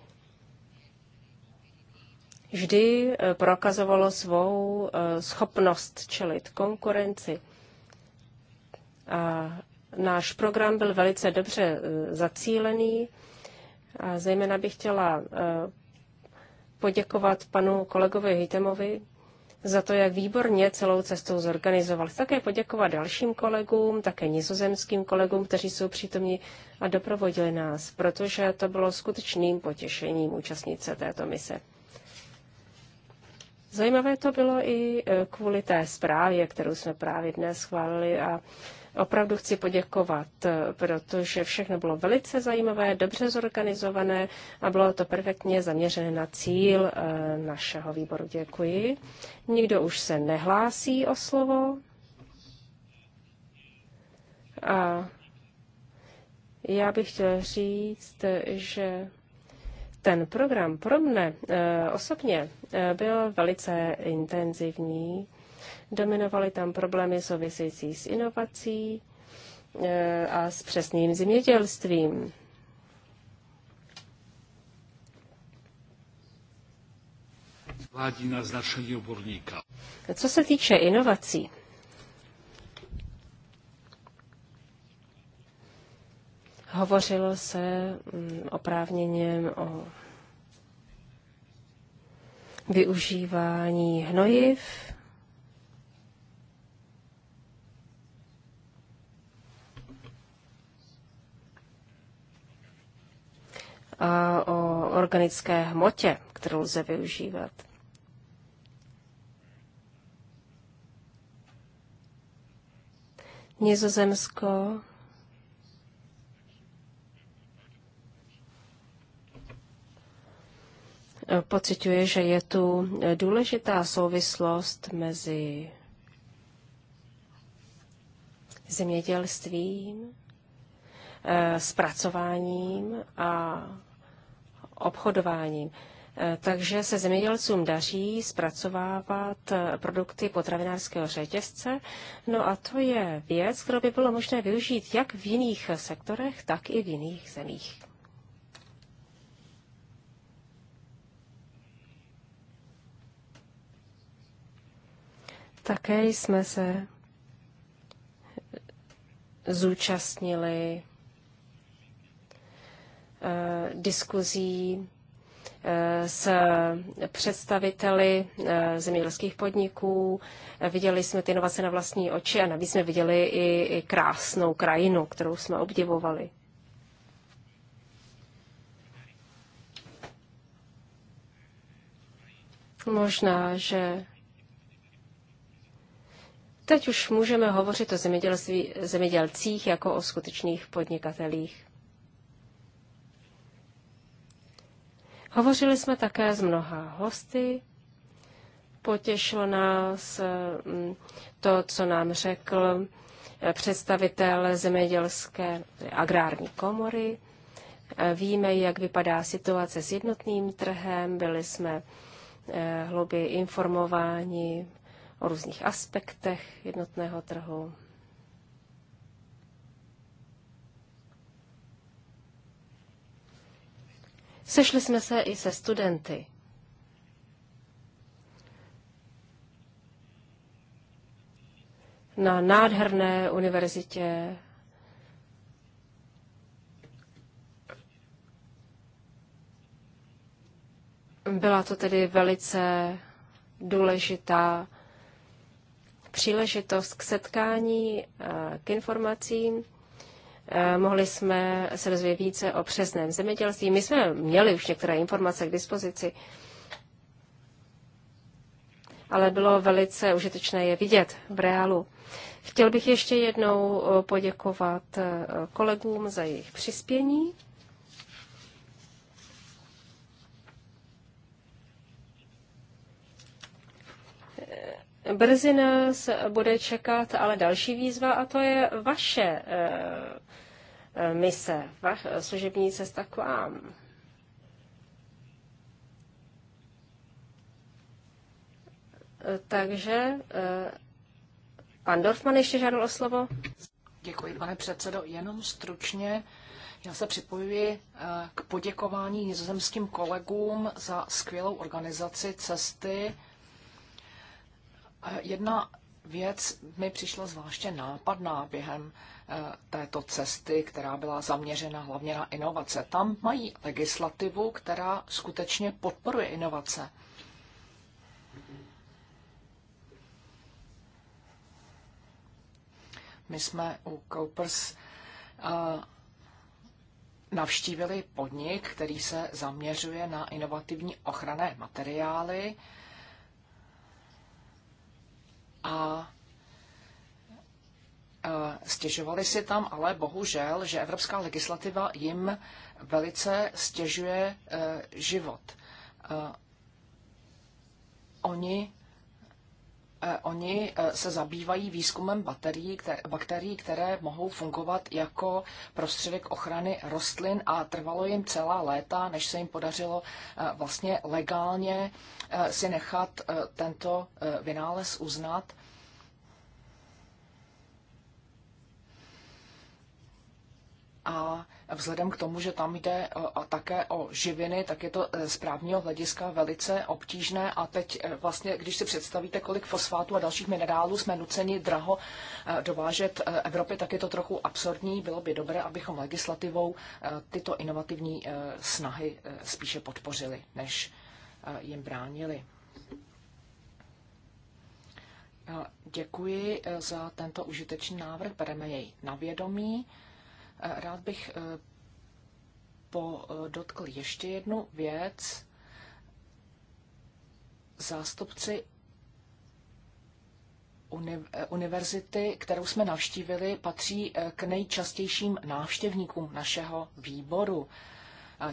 vždy prokazovalo svou schopnost čelit konkurenci. A náš program byl velice dobře e, zacílený. A zejména bych chtěla e, poděkovat panu kolegovi Hitemovi za to, jak výborně celou cestou zorganizoval. také poděkovat dalším kolegům, také nizozemským kolegům, kteří jsou přítomni a doprovodili nás, protože to bylo skutečným potěšením účastnit se této mise. Zajímavé to bylo i e, kvůli té zprávě, kterou jsme právě dnes schválili a Opravdu chci poděkovat, eh, protože všechno bylo velice zajímavé, dobře zorganizované a bylo to perfektně zaměřené na cíl eh, našeho výboru. Děkuji. Nikdo už se nehlásí o slovo. A já bych chtěl říct, že ten program pro mne eh, osobně byl velice intenzivní Dominovaly tam problémy související s inovací eh, a s přesným zemědělstvím. Vládí na značení oborníka. Co se týče inovací, hovořilo se mm, oprávněně o využívání hnojiv, a o organické hmotě, kterou lze využívat. Nizozemsko pociťuje, že je tu důležitá souvislost mezi zemědělstvím, eh, zpracováním a obchodováním. Eh, takže se zemědělcům daří zpracovávat eh, produkty potravinářského řetězce. No a to je věc, kterou by bylo možné využít jak v jiných eh, sektorech, tak i v jiných zemích. Také jsme se zúčastnili Eh, diskuzí eh, s představiteli eh, zemědělských podniků. Viděli jsme ty inovace na vlastní oči a navíc jsme viděli i, i krásnou krajinu, kterou jsme obdivovali. Možná, že teď už můžeme hovořit o zemědělcích jako o skutečných podnikatelích. Hovořili jsme také s mnoha hosty. Potěšilo nás mm, to, co nám řekl eh, představitel zemědělské agrární komory. Eh, víme, jak vypadá situace s jednotným trhem, byli jsme eh, hlouběji informováni o různých aspektech jednotného trhu. Sešli jsme se i se studenty. Na nádherné univerzitě Byla to tedy velice důležitá příležitost k setkání, k informacím. Eh, mohli jsme se dozvědět více o přesném zemědělství. My jsme měli už některé informace k dispozici, ale bylo velice užitečné je vidět v reálu. Chtěl bych ještě jednou eh, poděkovat eh, kolegům za jejich přispění. Brzy nás bude čekat ale další výzva a to je vaše mise, služební cesta k vám. Takže eh, pan Dorfman ještě žádal o slovo. Děkuji, pane předsedo. Jenom stručně. Já se připojuji eh, k poděkování nizozemským kolegům za skvělou organizaci cesty. Eh, jedna věc mi přišla zvláště nápadná během eh, této cesty, která byla zaměřena hlavně na inovace. Tam mají legislativu, která skutečně podporuje inovace. My jsme u Coopers eh, navštívili podnik, který se zaměřuje na inovativní ochranné materiály a stěžovali si tam, ale bohužel, že evropská legislativa jim velice stěžuje e, život. E, oni Eh, oni eh, se zabývají výzkumem baterií, které, bakterií, které mohou fungovat jako prostředek ochrany rostlin a trvalo jim celá léta, než se jim podařilo eh, vlastně legálně si nechat tento vynález uznat. A vzhledem k tomu, že tam jde e, a také o živiny, tak je to e, z právního hlediska velice obtížné. A teď e, vlastně, když si představíte, kolik fosfátu a dalších minerálů jsme nuceni draho dovážet Evropy, tak je to trochu absurdní. Bylo by dobré, abychom legislativou tyto inovativní snahy spíše podpořili, než jim bránili. Děkuji za tento užitečný návrh, bereme jej na vědomí. Rád bych eh, podotkl ještě jednu věc. Zástupci univerzity, kterou jsme navštívili, patří eh, k nejčastějším návštěvníkům našeho výboru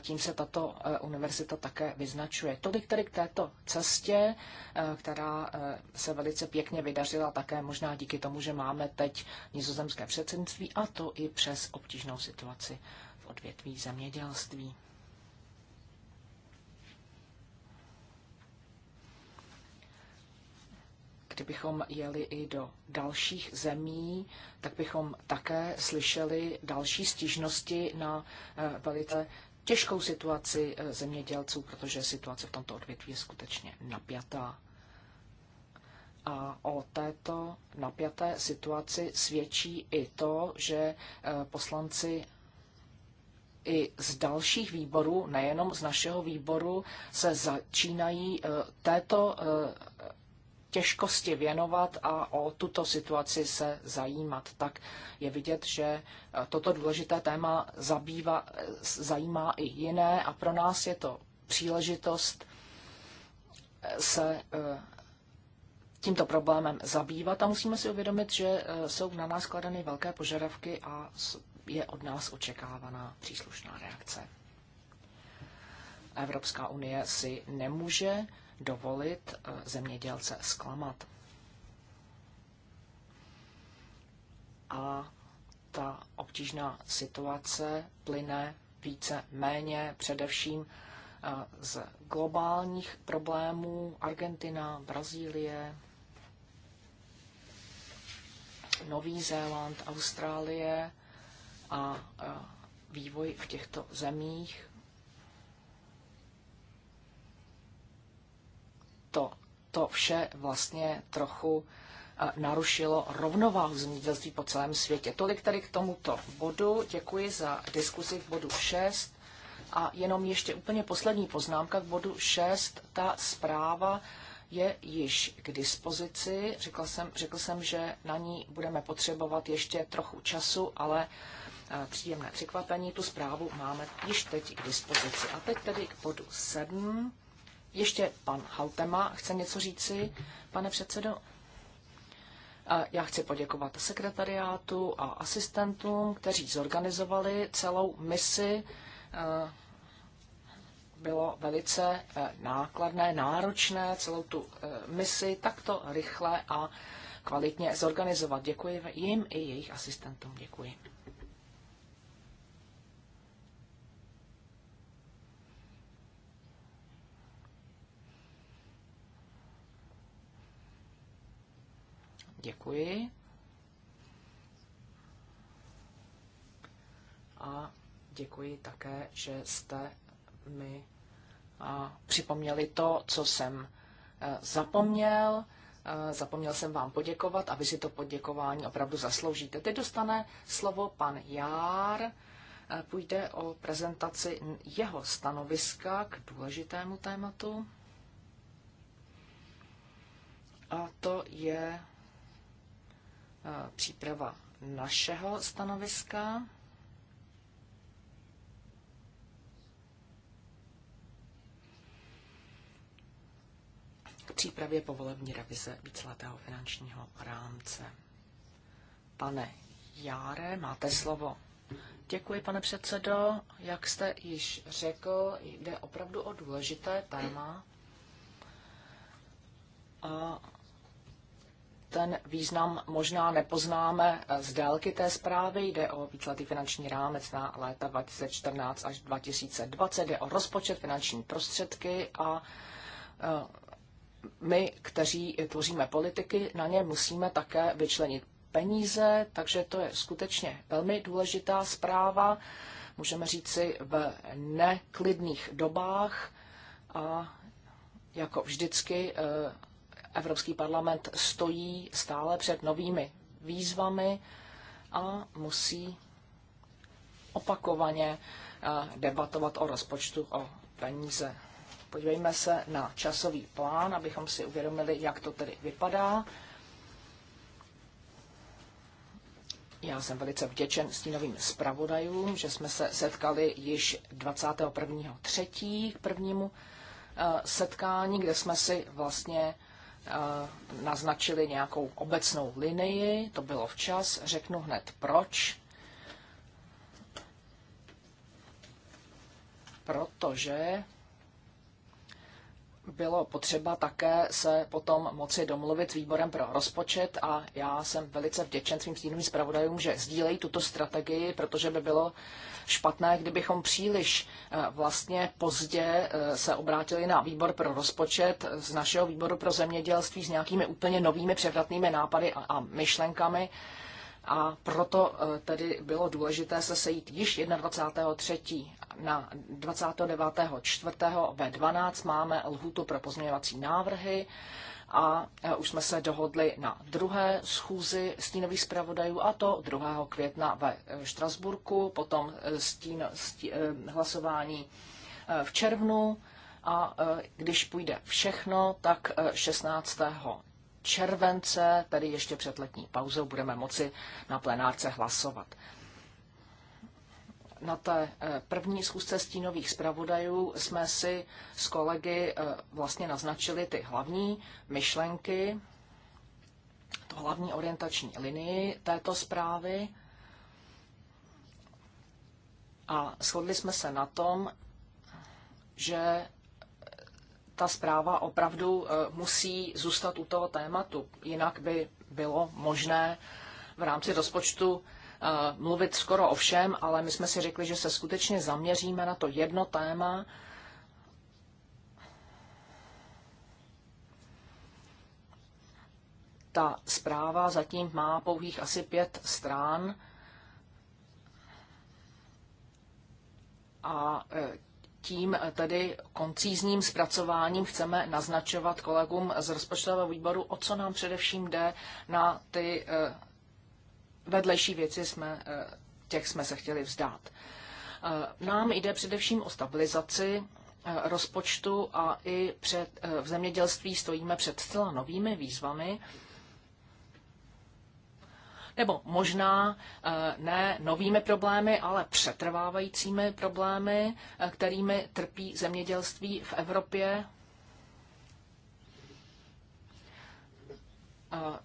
tím se tato eh, univerzita také vyznačuje. Tolik tedy k této cestě, eh, která eh, se velice pěkně vydařila také možná díky tomu, že máme teď nizozemské předsednictví a to i přes obtížnou situaci v odvětví zemědělství. kdybychom jeli i do dalších zemí, tak bychom také slyšeli další stížnosti na velice těžkou situaci eh, zemědělců, protože situace v tomto odvětví je skutečně napjatá. A o této napjaté situaci svědčí i to, že eh, poslanci i z dalších výborů, nejenom z našeho výboru, se začínají eh, této těžkosti věnovat a o tuto situaci se zajímat. Tak je vidět, že e, toto důležité téma zabývá, e, zajímá i jiné a pro nás je to příležitost e, se tímto problémem zabývat a musíme si uvědomit, že jsou na nás kladeny velké požadavky a je od nás očekávaná příslušná reakce. Evropská unie si nemůže dovolit zemědělce zklamat. A ta obtížná situace plyne více méně především z globálních problémů Argentina, Brazílie, Nový Zéland, Austrálie a vývoj v těchto zemích to, to vše vlastně trochu eh, narušilo rovnováhu zemědělství po celém světě. Tolik tady k tomuto bodu. Děkuji za diskuzi v bodu 6. A jenom ještě úplně poslední poznámka k bodu 6. Ta zpráva je již k dispozici. Řekl jsem, řekl jsem, že na ní budeme potřebovat ještě trochu času, ale eh, příjemné překvapení, tu zprávu máme již teď k dispozici. A teď tedy k bodu 7. Ještě pan Haltema chce něco říci, pane předsedo. Já chci poděkovat sekretariátu a asistentům, kteří zorganizovali celou misi. E, bylo velice e, nákladné, náročné celou tu e, misi takto rychle a kvalitně zorganizovat. Děkuji jim i jejich asistentům. Děkuji. Děkuji. A děkuji také, že jste mi připomněli to, co jsem e, zapomněl. E, zapomněl jsem vám poděkovat a vy si to poděkování opravdu zasloužíte. Teď dostane slovo pan Jár. E, půjde o prezentaci jeho stanoviska k důležitému tématu. A to je Eh, příprava našeho stanoviska. K přípravě povolební revize víceletého finančního rámce. Pane Járe, máte slovo. Děkuji, pane předsedo. Jak jste již řekl, jde opravdu o důležité téma. A ten význam možná nepoznáme eh, z délky té zprávy. Jde o víceletý finanční rámec na léta 2014 až 2020, jde o rozpočet finanční prostředky a eh, my, kteří tvoříme politiky, na ně musíme také vyčlenit peníze, takže to je skutečně velmi důležitá zpráva, můžeme říci v neklidných dobách a jako vždycky eh, Evropský parlament stojí stále před novými výzvami a musí opakovaně eh, debatovat o rozpočtu, o peníze. Podívejme se na časový plán, abychom si uvědomili, jak to tedy vypadá. Já jsem velice vděčen stínovým zpravodajům, že jsme se setkali již 21.3. k prvnímu eh, setkání, kde jsme si vlastně Eh, naznačili nějakou obecnou linii, to bylo včas, řeknu hned proč. Protože bylo potřeba také se potom moci domluvit s výborem pro rozpočet a já jsem velice vděčen svým stínovým zpravodajům, že sdílejí tuto strategii, protože by bylo špatné, kdybychom příliš eh, vlastně pozdě eh, se obrátili na výbor pro rozpočet eh, z našeho výboru pro zemědělství s nějakými úplně novými převratnými nápady a myšlenkami. A proto tedy bylo důležité se sejít již 21.3. na 29.4. ve 12 máme lhutu pro pozměňovací návrhy a e, už jsme se dohodli na druhé schůzi stínových zpravodajů a to 2. května ve e, Štrasburku, potom e, stín, stín, hlasování v červnu a když půjde všechno, tak 16 července, tedy ještě před letní pauzou, budeme moci na plenárce hlasovat na té eh, první schůzce stínových zpravodajů jsme si s kolegy eh, vlastně naznačili ty hlavní myšlenky, to hlavní orientační linii této zprávy a shodli jsme se na tom, že ta zpráva opravdu eh, musí zůstat u toho tématu, jinak by bylo možné v rámci rozpočtu Eh, mluvit skoro o všem, ale my jsme si řekli, že se skutečně zaměříme na to jedno téma. Ta zpráva zatím má pouhých asi pět strán a eh, tím tedy koncízním zpracováním chceme naznačovat kolegům z rozpočtového výboru, o co nám především jde na ty eh, vedlejší věci jsme, eh, těch jsme se chtěli vzdát. Eh, nám jde především o stabilizaci eh, rozpočtu a i před, v zemědělství stojíme před zcela novými výzvami, nebo možná ne novými problémy, ale přetrvávajícími problémy, kterými trpí zemědělství v Evropě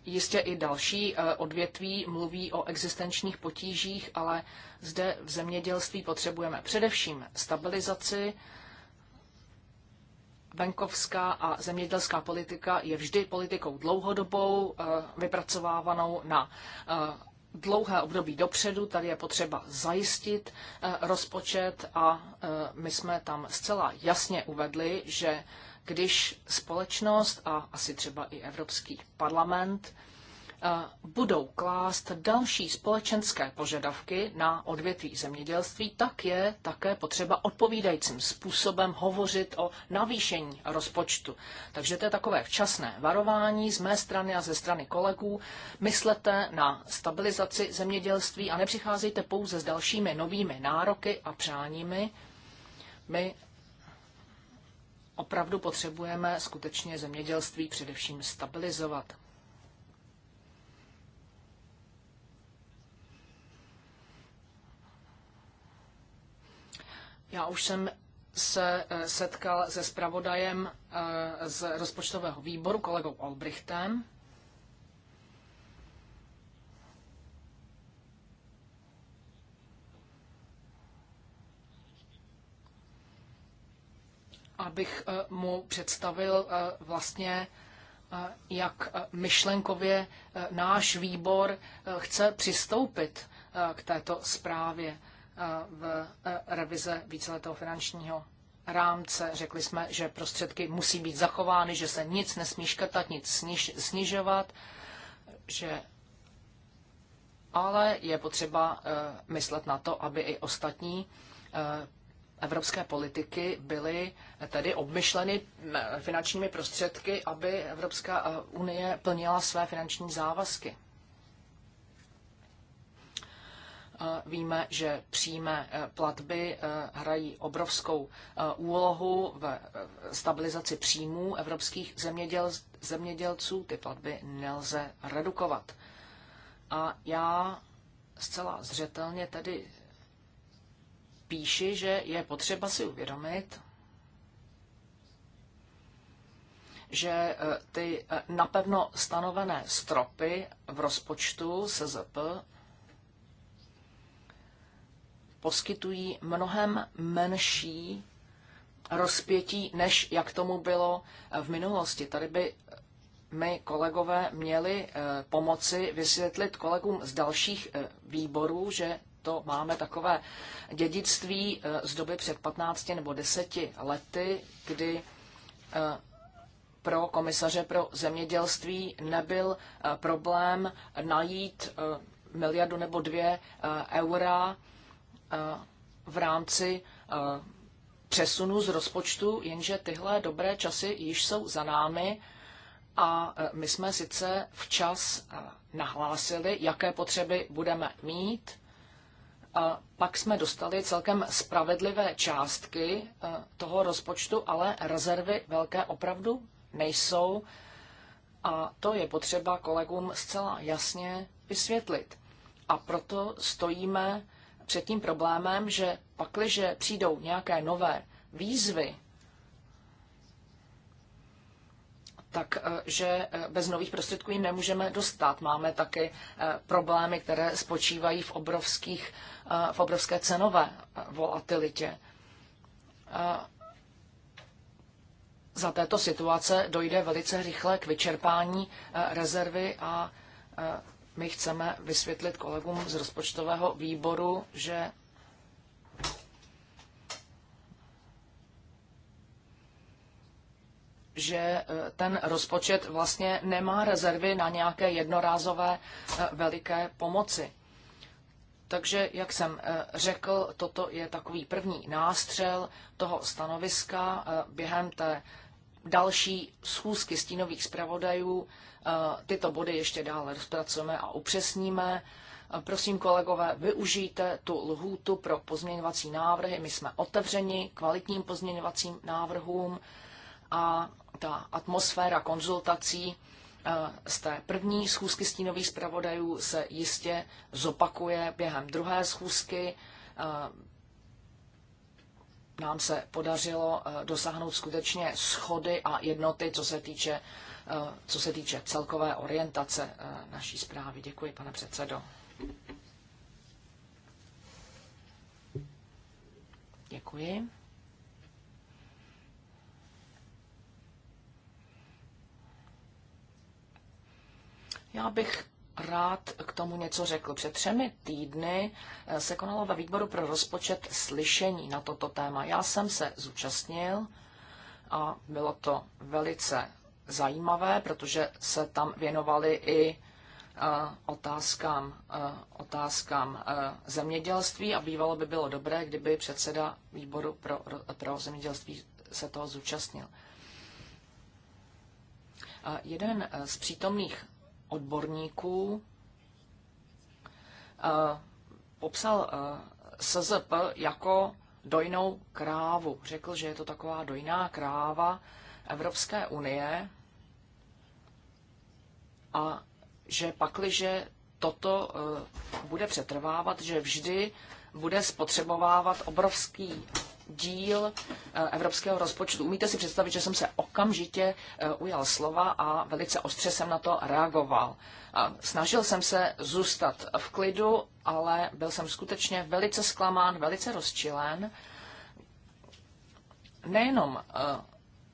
Jistě i další e, odvětví mluví o existenčních potížích, ale zde v zemědělství potřebujeme především stabilizaci. Venkovská a zemědělská politika je vždy politikou dlouhodobou, e, vypracovávanou na e, dlouhé období dopředu. Tady je potřeba zajistit rozpočet a my jsme tam zcela jasně uvedli, že když společnost a asi třeba i Evropský parlament eh, budou klást další společenské požadavky na odvětví zemědělství, tak je také potřeba odpovídajícím způsobem hovořit o navýšení rozpočtu. Takže to je takové včasné varování z mé strany a ze strany kolegů. Myslete na stabilizaci zemědělství a nepřicházejte pouze s dalšími novými nároky a přáními. My opravdu potřebujeme skutečně zemědělství především stabilizovat. Já už jsem se eh, setkal se spravodajem eh, z rozpočtového výboru, kolegou Albrichtem, abych eh, mu představil eh, vlastně, eh, jak myšlenkově náš výbor chce přistoupit k této zprávě v revize víceletého finančního rámce. Řekli jsme, že prostředky musí být zachovány, že se nic nesmí škrtat, nic sniž, snižovat, že ale je potřeba myslet na to, aby i ostatní evropské politiky byly tedy obmyšleny finančními prostředky, aby Evropská eh, unie plnila své finanční závazky. Eh, víme, že přímé eh, platby hrají obrovskou úlohu v stabilizaci příjmů evropských zeměděl, zemědělců. Ty platby nelze redukovat. A já zcela zřetelně tedy píši, že je potřeba si uvědomit, že e, ty e, napevno stanovené stropy v rozpočtu SZP poskytují mnohem menší rozpětí, než jak tomu bylo e, v minulosti. Tady by my, kolegové, měli pomoci vysvětlit kolegům z dalších výborů, že to máme takové dědictví eh, z doby před 15 nebo 10 lety, kdy eh, pro komisaře pro zemědělství nebyl eh, problém najít miliardu nebo dvě eura v rámci přesunu z rozpočtu, jenže tyhle dobré časy již jsou za námi a my jsme sice včas nahlásili, jaké potřeby budeme mít a pak jsme dostali celkem spravedlivé částky eh, toho rozpočtu, ale rezervy velké opravdu nejsou. A to je potřeba kolegům zcela jasně vysvětlit. A proto stojíme před tím problémem, že pakliže přijdou nějaké nové výzvy, takže eh, eh, bez nových prostředků ji nemůžeme dostat. Máme taky eh, problémy, které spočívají v, obrovských, v obrovské cenové volatilitě. Za této situace dojde velice rychle k vyčerpání rezervy a my chceme vysvětlit kolegům z rozpočtového výboru, že že e, ten rozpočet vlastně nemá rezervy na nějaké jednorázové e, veliké pomoci. Takže, jak jsem e, řekl, toto je takový první nástřel toho stanoviska během té další schůzky stínových zpravodajů. Tyto body ještě dále rozpracujeme a upřesníme. Prosím, kolegové, využijte tu lhůtu pro pozměňovací návrhy. My jsme otevřeni kvalitním pozměňovacím návrhům a ta atmosféra konzultací eh, z té první schůzky stínových zpravodajů se jistě zopakuje během druhé schůzky. Eh, nám se podařilo eh, dosáhnout skutečně schody a jednoty, co se týče, co se týče celkové orientace naší zprávy. Děkuji, pane předsedo. Děkuji. Já bych rád k tomu něco řekl. Před třemi týdny eh, se konalo ve výboru pro rozpočet slyšení na toto téma. Já jsem se zúčastnil a bylo to velice zajímavé, protože se tam věnovali i eh, otázkám, eh, otázkám zemědělství a bývalo by bylo dobré, kdyby předseda výboru pro, pro zemědělství se toho zúčastnil. Jeden z přítomných odborníků eh, popsal eh, SZP jako dojnou krávu. Řekl, že je to taková dojná kráva Evropské unie a že pakliže toto eh, bude přetrvávat, že vždy bude spotřebovávat obrovský díl eh, evropského rozpočtu. Umíte si představit, že jsem se okamžitě eh, ujal slova a velice ostře jsem na to reagoval. Snažil jsem se zůstat v klidu, ale byl jsem skutečně velice zklamán, velice rozčilen. Nejenom eh,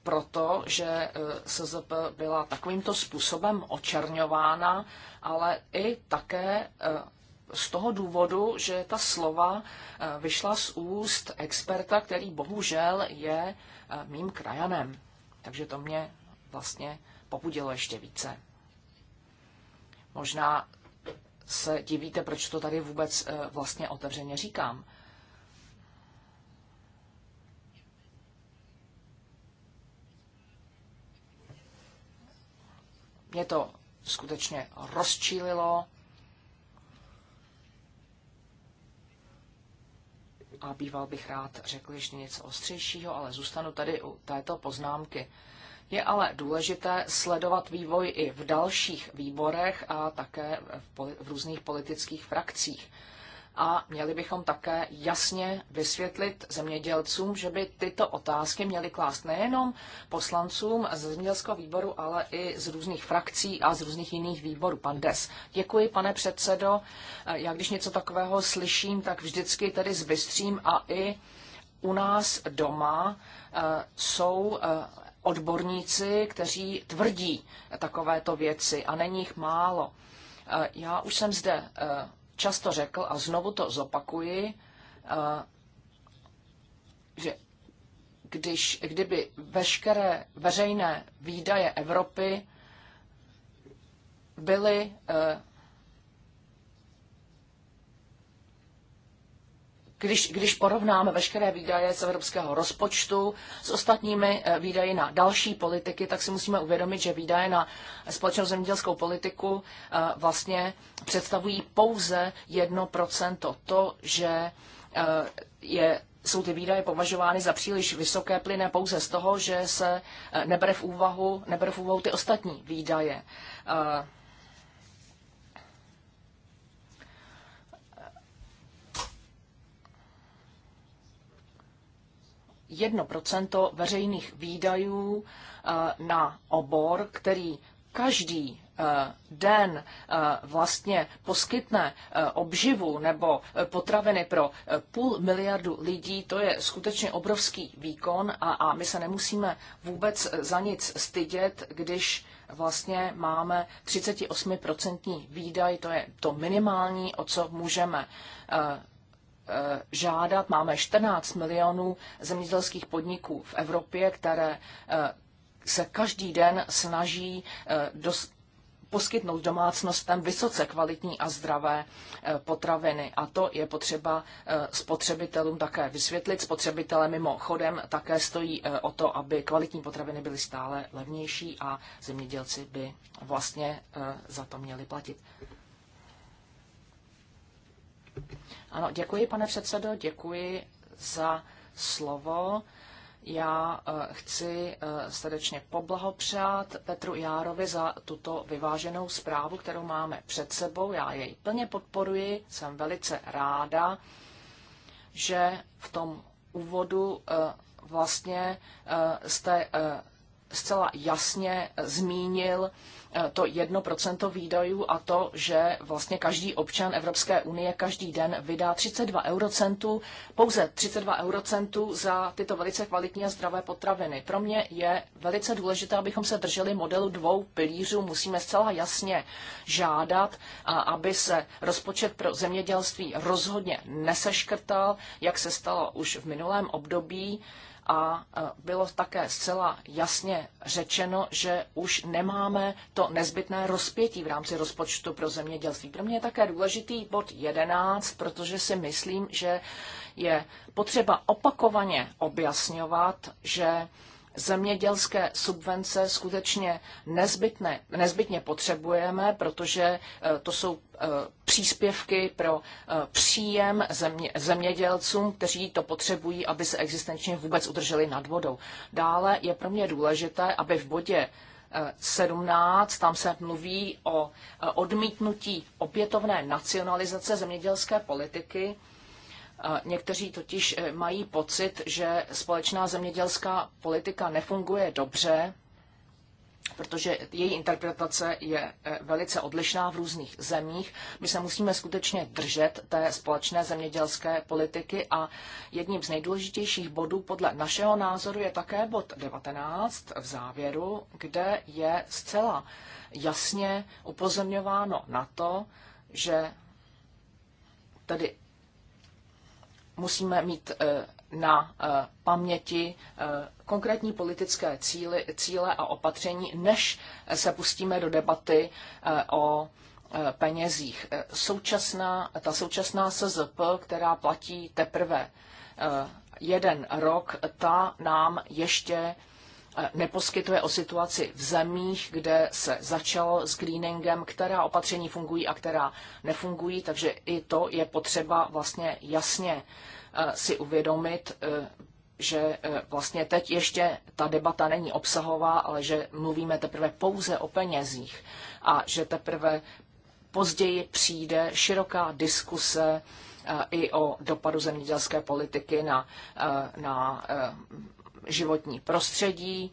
proto, že SZP byla takovýmto způsobem očerňována, ale i také z toho důvodu, že ta slova eh, vyšla z úst experta, který bohužel je eh, mým krajanem. Takže to mě vlastně pobudilo ještě více. Možná se divíte, proč to tady vůbec eh, vlastně otevřeně říkám. Mě to skutečně rozčílilo, a býval bych rád řekl ještě něco ostřejšího, ale zůstanu tady u této poznámky. Je ale důležité sledovat vývoj i v dalších výborech a také v, v různých politických frakcích a měli bychom také jasně vysvětlit zemědělcům, že by tyto otázky měly klást nejenom poslancům z zemědělského výboru, ale i z různých frakcí a z různých jiných výborů. Pan Des. Děkuji, pane předsedo. Já když něco takového slyším, tak vždycky tedy zbystřím a i u nás doma eh, jsou eh, odborníci, kteří tvrdí takovéto věci a není jich málo. Eh, já už jsem zde často řekl, a znovu to zopakuji, eh, že když, kdyby veškeré veřejné výdaje Evropy byly eh, když, když porovnáme veškeré výdaje z evropského rozpočtu s ostatními eh, výdaji na další politiky, tak si musíme uvědomit, že výdaje na společnou zemědělskou politiku eh, vlastně představují pouze 1% to, že eh, je jsou ty výdaje považovány za příliš vysoké plyne pouze z toho, že se nebere v úvahu, nebere v úvahu ty ostatní výdaje. 1% veřejných výdajů eh, na obor, který každý eh, den eh, vlastně poskytne obživu nebo potraviny pro půl miliardu lidí, to je skutečně obrovský výkon a, a my se nemusíme vůbec za nic stydět, když vlastně máme 38% výdaj, to je to minimální, o co můžeme Eh, žádat. Máme 14 milionů zemědělských podniků v Evropě, které eh, se každý den snaží eh, dos- poskytnout domácnostem vysoce kvalitní a zdravé potraviny. A to je potřeba spotřebitelům také vysvětlit. Spotřebitelé mimo chodem také stojí o to, aby kvalitní potraviny byly stále levnější a zemědělci by vlastně za to měli platit. Ano, děkuji, pane předsedo, děkuji za slovo. Já eh, chci eh, srdečně poblahopřát Petru Járovi za tuto vyváženou zprávu, kterou máme před sebou. Já jej plně podporuji, jsem velice ráda, že v tom úvodu eh, vlastně jste zcela jasně zmínil Eh, to 1% výdajů a to, že vlastně každý občan Evropské unie každý den vydá 32 eurocentů, pouze 32 eurocentů za tyto velice kvalitní a zdravé potraviny. Pro mě je velice důležité, abychom se drželi modelu dvou pilířů. Musíme zcela jasně žádat, aby se rozpočet pro zemědělství rozhodně neseškrtal, jak se stalo už v minulém období a e, bylo také zcela jasně řečeno, že už nemáme to nezbytné rozpětí v rámci rozpočtu pro zemědělství. Pro mě je také důležitý bod 11, protože si myslím, že je potřeba opakovaně objasňovat, že zemědělské subvence skutečně nezbytné, nezbytně potřebujeme, protože eh, to jsou eh, příspěvky pro eh, příjem země, zemědělcům, kteří to potřebují, aby se existenčně vůbec udrželi nad vodou. Dále je pro mě důležité, aby v bodě 17, tam se mluví o odmítnutí opětovné nacionalizace zemědělské politiky, Někteří totiž eh, mají pocit, že společná zemědělská politika nefunguje dobře, protože její interpretace je eh, velice odlišná v různých zemích. My se musíme skutečně držet té společné zemědělské politiky a jedním z nejdůležitějších bodů podle našeho názoru je také bod 19 v závěru, kde je zcela jasně upozorňováno na to, že tedy musíme mít e, na e, paměti e, konkrétní politické cíly, cíle a opatření, než se pustíme do debaty o penězích. Současná, ta současná SZP, která platí teprve jeden rok, ta nám ještě Eh, neposkytuje o situaci v zemích, kde se začalo s greeningem, která opatření fungují a která nefungují, takže i to je potřeba vlastně jasně eh, si uvědomit, eh, že vlastně teď ještě ta debata není obsahová, ale že mluvíme teprve pouze o penězích a že teprve později přijde široká diskuse i o dopadu zemědělské politiky na, na životní prostředí.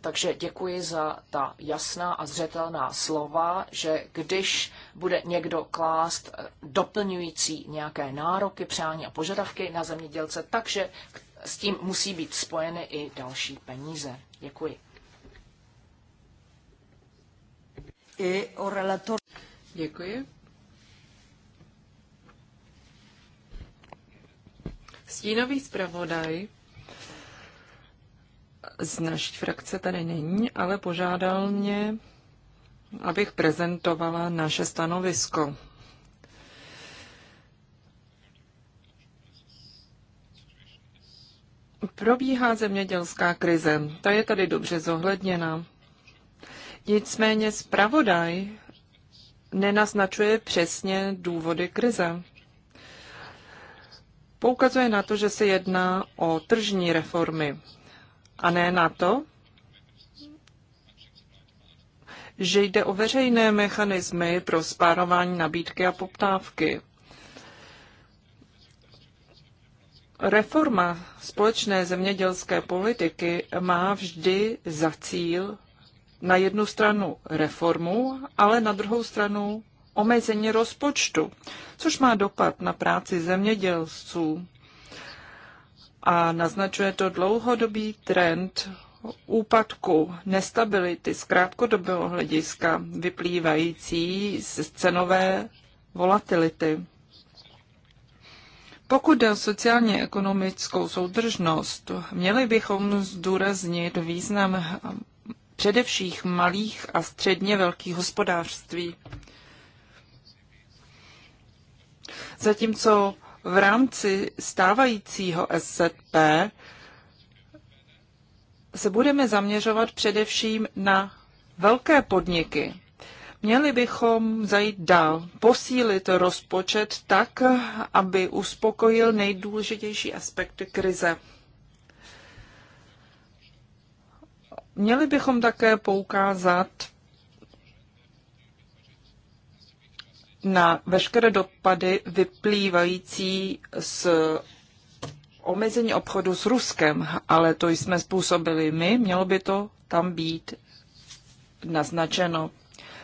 Takže děkuji za ta jasná a zřetelná slova, že když bude někdo klást eh, doplňující nějaké nároky, přání a požadavky na zemědělce, takže s tím musí být spojeny i další peníze. Děkuji. Děkuji. Stínový zpravodaj z naší frakce tady není, ale požádal mě, abych prezentovala naše stanovisko. Probíhá zemědělská krize, ta je tady dobře zohledněna. Nicméně zpravodaj nenaznačuje přesně důvody krize. Poukazuje na to, že se jedná o tržní reformy a ne na to, že jde o veřejné mechanismy pro spárování nabídky a poptávky. Reforma společné zemědělské politiky má vždy za cíl na jednu stranu reformu, ale na druhou stranu omezení rozpočtu, což má dopad na práci zemědělců a naznačuje to dlouhodobý trend úpadku, nestability z krátkodobého hlediska vyplývající z cenové volatility. Pokud jde o sociálně ekonomickou soudržnost, měli bychom zdůraznit význam především malých a středně velkých hospodářství. Zatímco v rámci stávajícího SZP se budeme zaměřovat především na velké podniky. Měli bychom zajít dál, posílit rozpočet tak, aby uspokojil nejdůležitější aspekty krize. Měli bychom také poukázat na veškeré dopady vyplývající z omezení obchodu s Ruskem, ale to jsme způsobili my, mělo by to tam být naznačeno.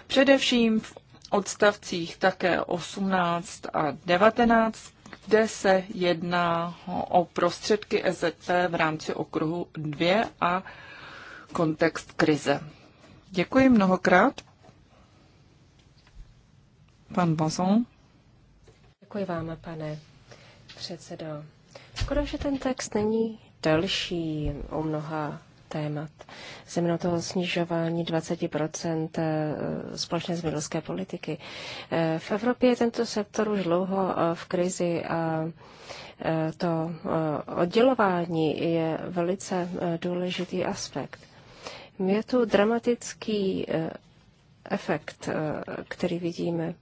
Především v odstavcích také 18 a 19, kde se jedná o prostředky EZP v rámci okruhu 2 a kontext krize. Děkuji mnohokrát. Pan Bozon. Děkuji vám, pane předsedo. Skoro, že ten text není další o mnoha témat. Zejména toho snižování 20 eh, společné zemědělské politiky. Eh, v Evropě je tento sektor už dlouho eh, v krizi a to oddělování je velice důležitý aspekt. Je tu dramatický efekt, který vidíme.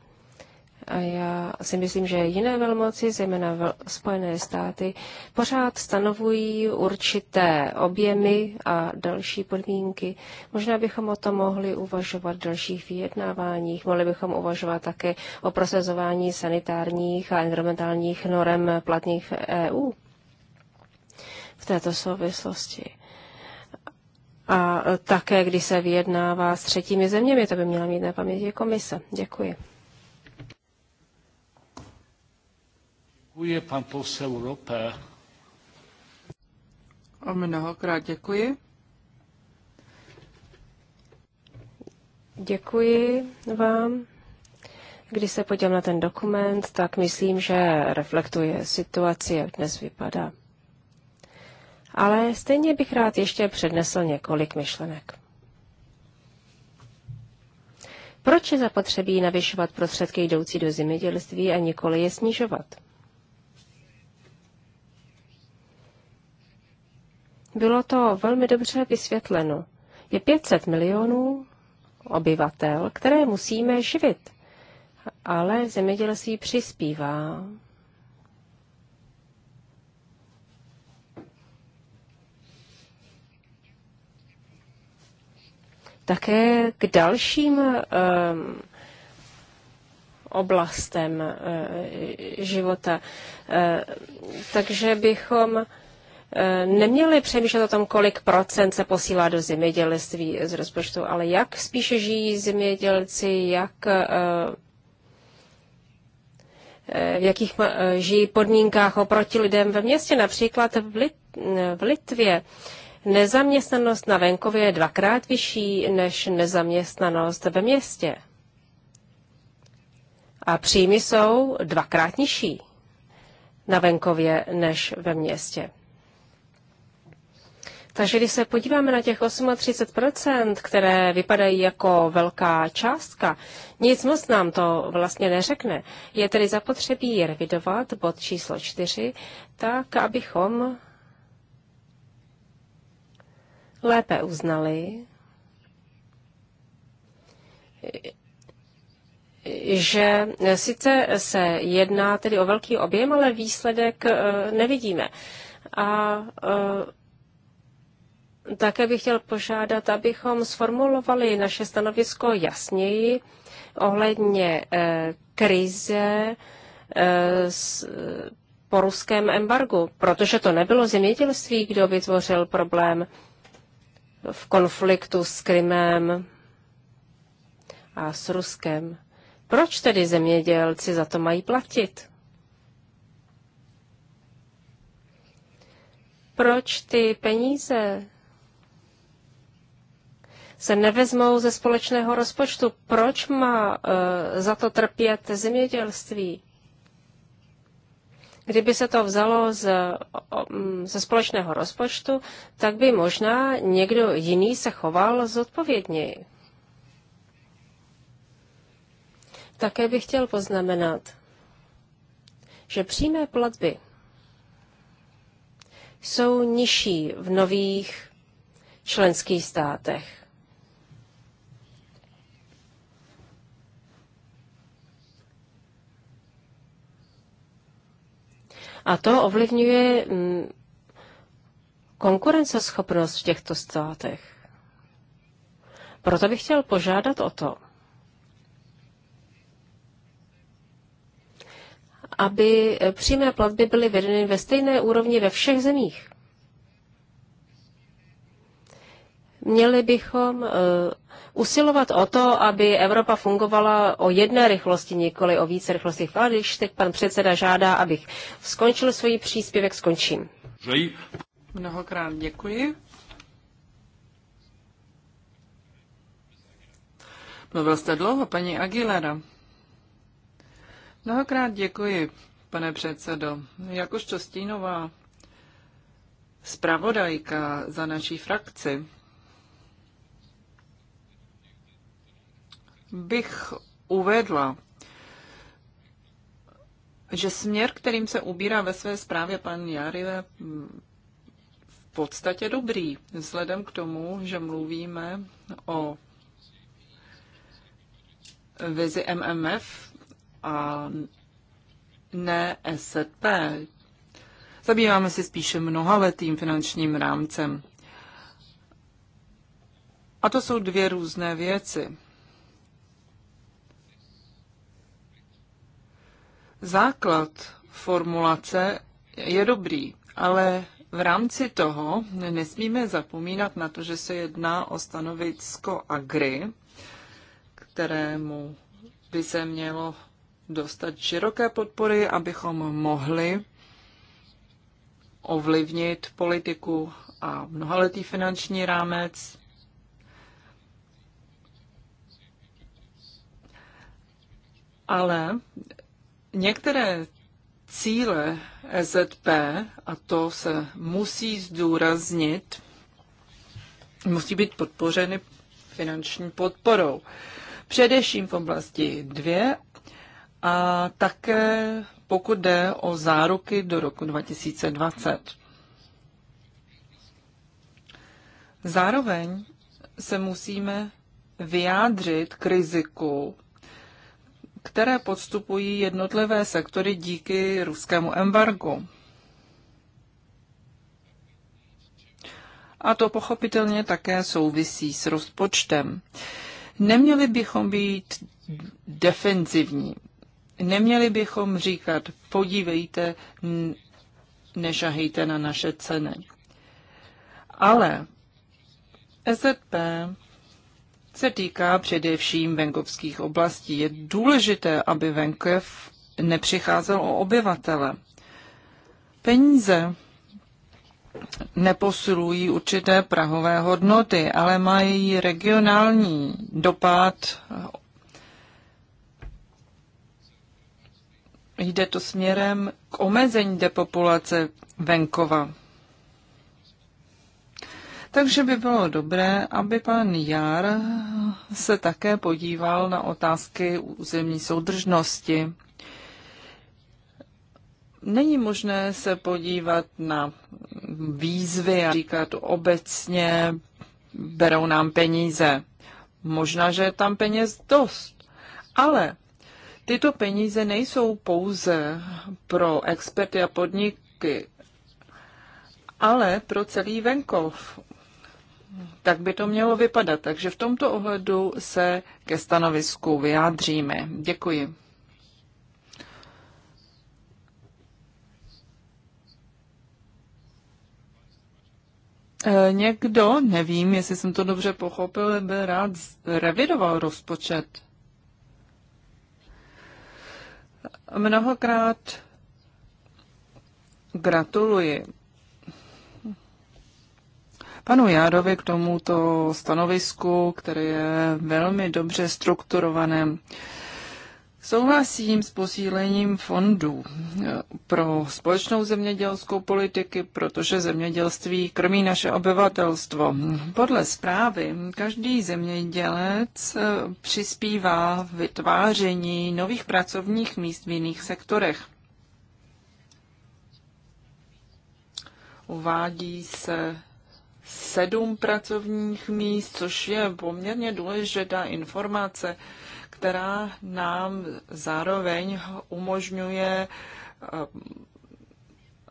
A já si myslím, že jiné velmoci, zejména Spojené státy, pořád stanovují určité objemy a další podmínky. Možná bychom o tom mohli uvažovat v dalších vyjednáváních. Mohli bychom uvažovat také o prosazování sanitárních a environmentálních norem platných v EU v této souvislosti. A také, když se vyjednává s třetími zeměmi, to by měla mít na paměti komise. Děkuji. Děkuji, pan posel Rope. O mnohokrát děkuji. Děkuji vám. Když se podívám na ten dokument, tak myslím, že reflektuje situaci, jak dnes vypadá. Ale stejně bych rád ještě přednesl několik myšlenek. Proč je zapotřebí navyšovat prostředky jdoucí do zemědělství a nikoli je snižovat? Bylo to velmi dobře vysvětleno. Je 500 milionů obyvatel, které musíme živit, ale zemědělství přispívá. Také k dalším um, oblastem eh, života. Eh, takže bychom Eh, neměli přemýšlet o tom, kolik procent se posílá do zemědělství z rozpočtu, ale jak spíše žijí zemědělci, jak eh, eh, v jakých žijí podmínkách oproti lidem ve městě, například v, Lit- v Litvě. Nezaměstnanost na venkově je dvakrát vyšší než nezaměstnanost ve městě. A příjmy jsou dvakrát nižší na venkově než ve městě. Takže když se podíváme na těch 38%, které vypadají jako velká částka, nic moc nám to vlastně neřekne. Je tedy zapotřebí revidovat bod číslo 4, tak abychom lépe uznali, že sice se jedná tedy o velký objem, ale výsledek eh, nevidíme. A eh, také bych chtěl požádat, abychom sformulovali naše stanovisko jasněji ohledně eh, krize eh, po ruském embargu, protože to nebylo zemědělství, kdo vytvořil problém v konfliktu s Krymem a s Ruskem. Proč tedy zemědělci za to mají platit? Proč ty peníze se nevezmou ze společného rozpočtu. Proč má e, za to trpět zemědělství? Kdyby se to vzalo z, ze společného rozpočtu, tak by možná někdo jiný se choval zodpovědněji. Také bych chtěl poznamenat, že přímé platby jsou nižší v nových členských státech. A to ovlivňuje mm, konkurenceschopnost v těchto státech. Proto bych chtěl požádat o to, aby přímé platby byly vedeny ve stejné úrovni ve všech zemích. Měli bychom eh, usilovat o to, aby Evropa fungovala o jedné rychlosti, nikoli o více rychlostech. Ale když teď pan předseda žádá, abych skončil svůj příspěvek, skončím. Mnohokrát děkuji. Mluvil jste dlouho, paní Aguilera. Mnohokrát děkuji, pane předsedo. Jakožto stínová zpravodajka za naší frakci bych uvedla, že směr, kterým se ubírá ve své zprávě pan Jary, je v podstatě dobrý, vzhledem k tomu, že mluvíme o vizi MMF a ne SP. Zabýváme se spíše mnohaletým finančním rámcem. A to jsou dvě různé věci. Základ formulace je dobrý, ale v rámci toho nesmíme zapomínat na to, že se jedná o stanovisko agri, kterému by se mělo dostat široké podpory, abychom mohli ovlivnit politiku a mnohaletý finanční rámec. Ale Některé cíle EZP, a to se musí zdůraznit, musí být podpořeny finanční podporou. Především v oblasti dvě a také pokud jde o záruky do roku 2020. Zároveň se musíme vyjádřit k riziku které podstupují jednotlivé sektory díky ruskému embargu. A to pochopitelně také souvisí s rozpočtem. Neměli bychom být defenzivní. Neměli bychom říkat, podívejte, nežahejte na naše ceny. Ale EZP se týká především venkovských oblastí. Je důležité, aby venkov nepřicházel o obyvatele. Peníze neposilují určité prahové hodnoty, ale mají regionální dopad. Jde to směrem k omezení depopulace venkova. Takže by bylo dobré, aby pan Jar se také podíval na otázky územní soudržnosti. Není možné se podívat na výzvy a říkat obecně, berou nám peníze. Možná, že je tam peněz dost, ale tyto peníze nejsou pouze pro experty a podniky, ale pro celý venkov tak by to mělo vypadat. Takže v tomto ohledu se ke stanovisku vyjádříme. Děkuji. E, někdo, nevím, jestli jsem to dobře pochopil, by rád revidoval rozpočet. Mnohokrát gratuluji panu Járovi k tomuto stanovisku, které je velmi dobře strukturované. Souhlasím s posílením fondů eh, pro společnou zemědělskou politiky, protože zemědělství krmí naše obyvatelstvo. Podle zprávy každý zemědělec eh, přispívá v vytváření nových pracovních míst v jiných sektorech. Uvádí se sedm pracovních míst, což je poměrně důležitá informace, která nám zároveň umožňuje eh,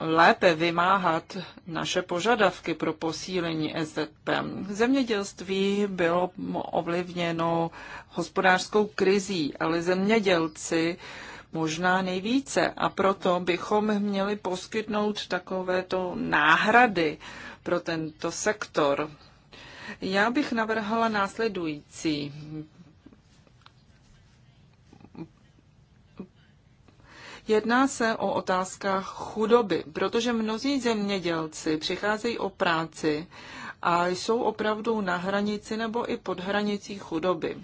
lépe vymáhat naše požadavky pro posílení SZP. Zemědělství bylo ovlivněno hospodářskou krizí, ale zemědělci možná nejvíce a proto bychom měli poskytnout takovéto náhrady pro tento sektor. Já bych navrhla následující. Jedná se o otázka chudoby, protože mnozí zemědělci přicházejí o práci a jsou opravdu na hranici nebo i pod hranicí chudoby.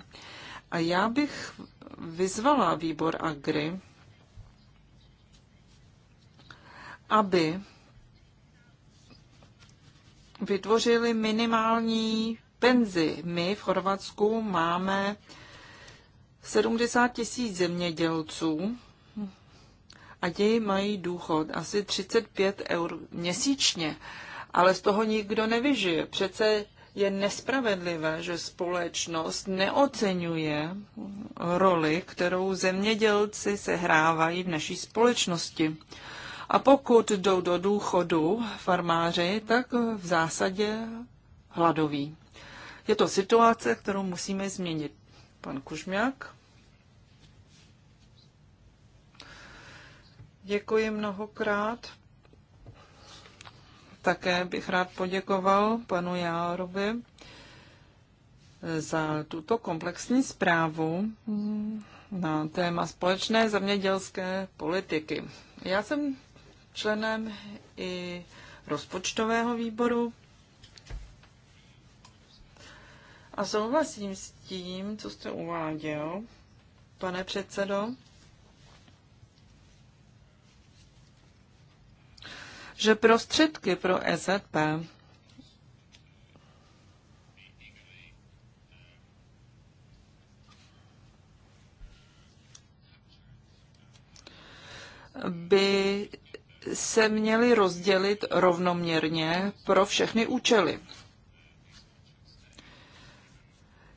A já bych vyzvala výbor Agri, aby vytvořili minimální penzi. My v Chorvatsku máme 70 tisíc zemědělců a ti mají důchod asi 35 eur měsíčně, ale z toho nikdo nevyžije. Přece je nespravedlivé, že společnost neocenuje roli, kterou zemědělci sehrávají v naší společnosti. A pokud jdou do důchodu farmáři, tak v zásadě hladoví. Je to situace, kterou musíme změnit. Pan Kužmiak. Děkuji mnohokrát. Také bych rád poděkoval panu Járovi za tuto komplexní zprávu na téma společné zemědělské politiky. Já jsem členem i rozpočtového výboru. A souhlasím s tím, co jste uváděl, pane předsedo, že prostředky pro EZP by se měly rozdělit rovnoměrně pro všechny účely.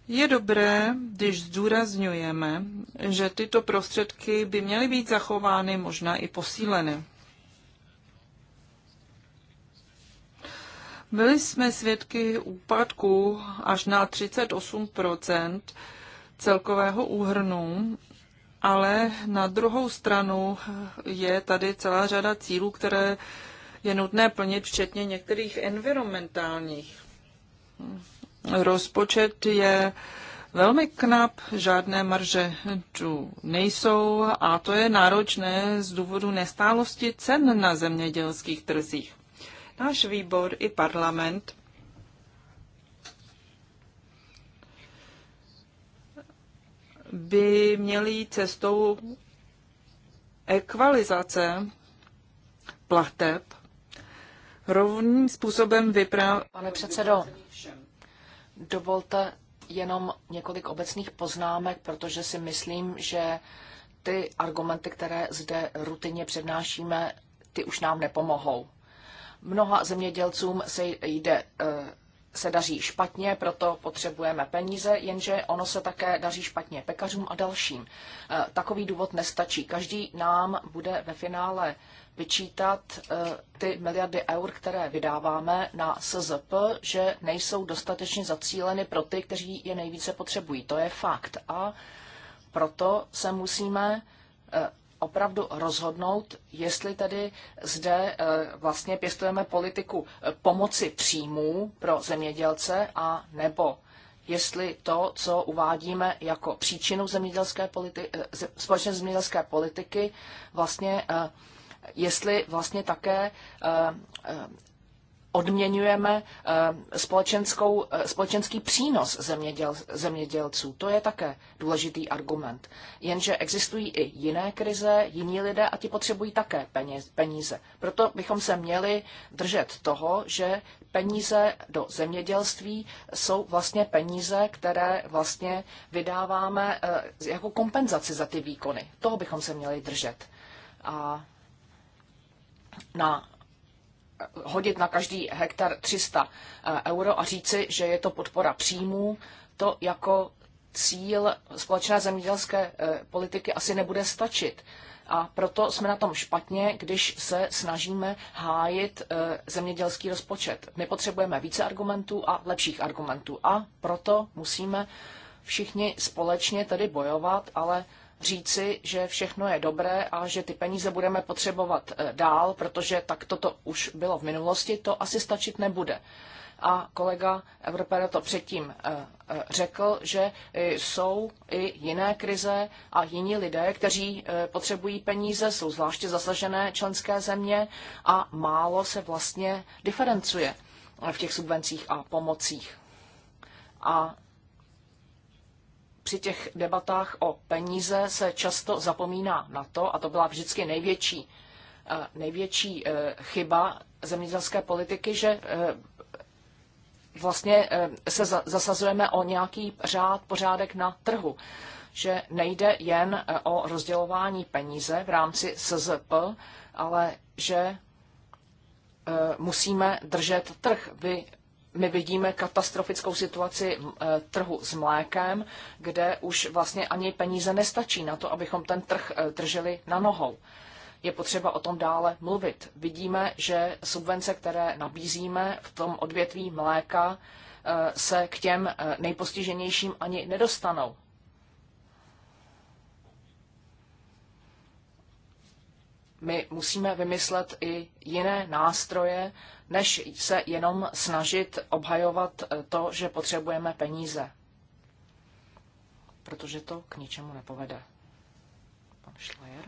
Je dobré, když zdůrazňujeme, že tyto prostředky by měly být zachovány, možná i posíleny. Byli jsme svědky úpadku až na 38 celkového úhrnu ale na druhou stranu je tady celá řada cílů, které je nutné plnit, včetně některých environmentálních. Rozpočet je velmi knap, žádné marže tu nejsou a to je náročné z důvodu nestálosti cen na zemědělských trzích. Náš výbor i parlament by měly jít cestou ekvalizace plateb rovným způsobem vyprávět. Pane předsedo, dovolte jenom několik obecných poznámek, protože si myslím, že ty argumenty, které zde rutinně přednášíme, ty už nám nepomohou. Mnoha zemědělcům se jde eh, se daří špatně, proto potřebujeme peníze, jenže ono se také daří špatně pekařům a dalším. E, takový důvod nestačí. Každý nám bude ve finále vyčítat e, ty miliardy eur, které vydáváme na SZP, že nejsou dostatečně zacíleny pro ty, kteří je nejvíce potřebují. To je fakt. A proto se musíme e, opravdu rozhodnout, jestli tedy zde eh, vlastně pěstujeme politiku eh, pomoci příjmů pro zemědělce a nebo jestli to, co uvádíme jako příčinu zemědělské politiky, eh, společné zemědělské politiky, vlastně jestli vlastně také odměňujeme eh, společenskou, eh, společenský přínos zeměděl, zemědělců. To je také důležitý argument. Jenže existují i jiné krize, jiní lidé a ti potřebují také peníze. Proto bychom se měli držet toho, že peníze do zemědělství jsou vlastně peníze, které vlastně vydáváme eh, jako kompenzaci za ty výkony. Toho bychom se měli držet. A na hodit na každý hektar 300 eh, euro a říci, že je to podpora příjmů, to jako cíl společné zemědělské eh, politiky asi nebude stačit. A proto jsme na tom špatně, když se snažíme hájit eh, zemědělský rozpočet. My potřebujeme více argumentů a lepších argumentů. A proto musíme všichni společně tedy bojovat, ale říci, že všechno je dobré a že ty peníze budeme potřebovat eh, dál, protože tak toto už bylo v minulosti, to asi stačit nebude. A kolega Evropera to předtím eh, eh, řekl, že jsou i jiné krize a jiní lidé, kteří potřebují peníze, jsou zvláště zasažené členské země a málo se vlastně diferencuje v těch subvencích a pomocích. A při těch debatách o peníze se často zapomíná na to, a to byla vždycky největší, eh, největší eh, chyba zemědělské politiky, že eh, vlastně se zasazujeme o nějaký řád, pořádek na trhu že nejde jen o rozdělování peníze v rámci SZP, ale že musíme držet trh. Vy my vidíme katastrofickou situaci eh, trhu s mlékem, kde už vlastně ani peníze nestačí na to, abychom ten trh eh, drželi na nohou. Je potřeba o tom dále mluvit. Vidíme, že subvence, které nabízíme v tom odvětví mléka, eh, se k těm nejpostiženějším ani nedostanou. my musíme vymyslet i jiné nástroje, než se jenom snažit obhajovat eh, to, že potřebujeme peníze. Protože to k ničemu nepovede. Pan Schleier.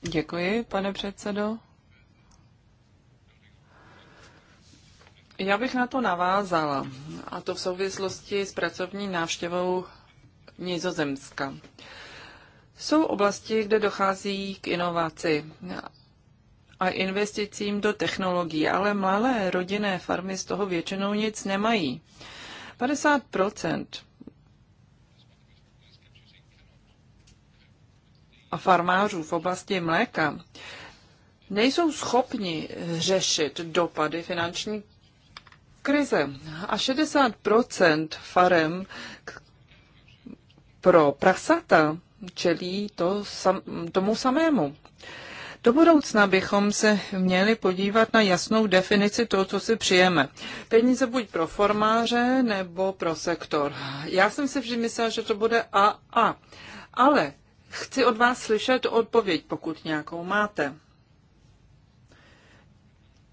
Děkuji, pane předsedo. Já bych na to navázala, a to v souvislosti s pracovní návštěvou Nizozemska. Jsou oblasti, kde dochází k inovaci a investicím do technologií, ale malé rodinné farmy z toho většinou nic nemají. 50 a farmářů v oblasti mléka nejsou schopni řešit dopady finanční krize. A 60% farem pro prasata čelí to sam, tomu samému. Do budoucna bychom se měli podívat na jasnou definici toho, co si přijeme. Peníze buď pro formáře nebo pro sektor. Já jsem si vždy myslela, že to bude a a. Ale chci od vás slyšet odpověď, pokud nějakou máte.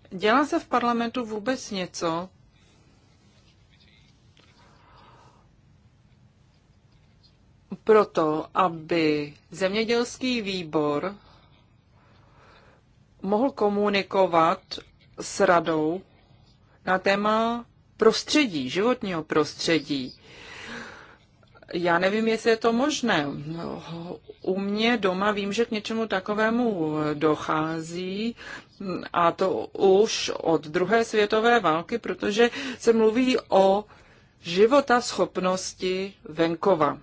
Dělá se v parlamentu vůbec něco proto, aby zemědělský výbor mohl komunikovat s radou na téma prostředí, životního prostředí. Já nevím, jestli je to možné. U mě doma vím, že k něčemu takovému dochází a to už od druhé světové války, protože se mluví o života schopnosti venkova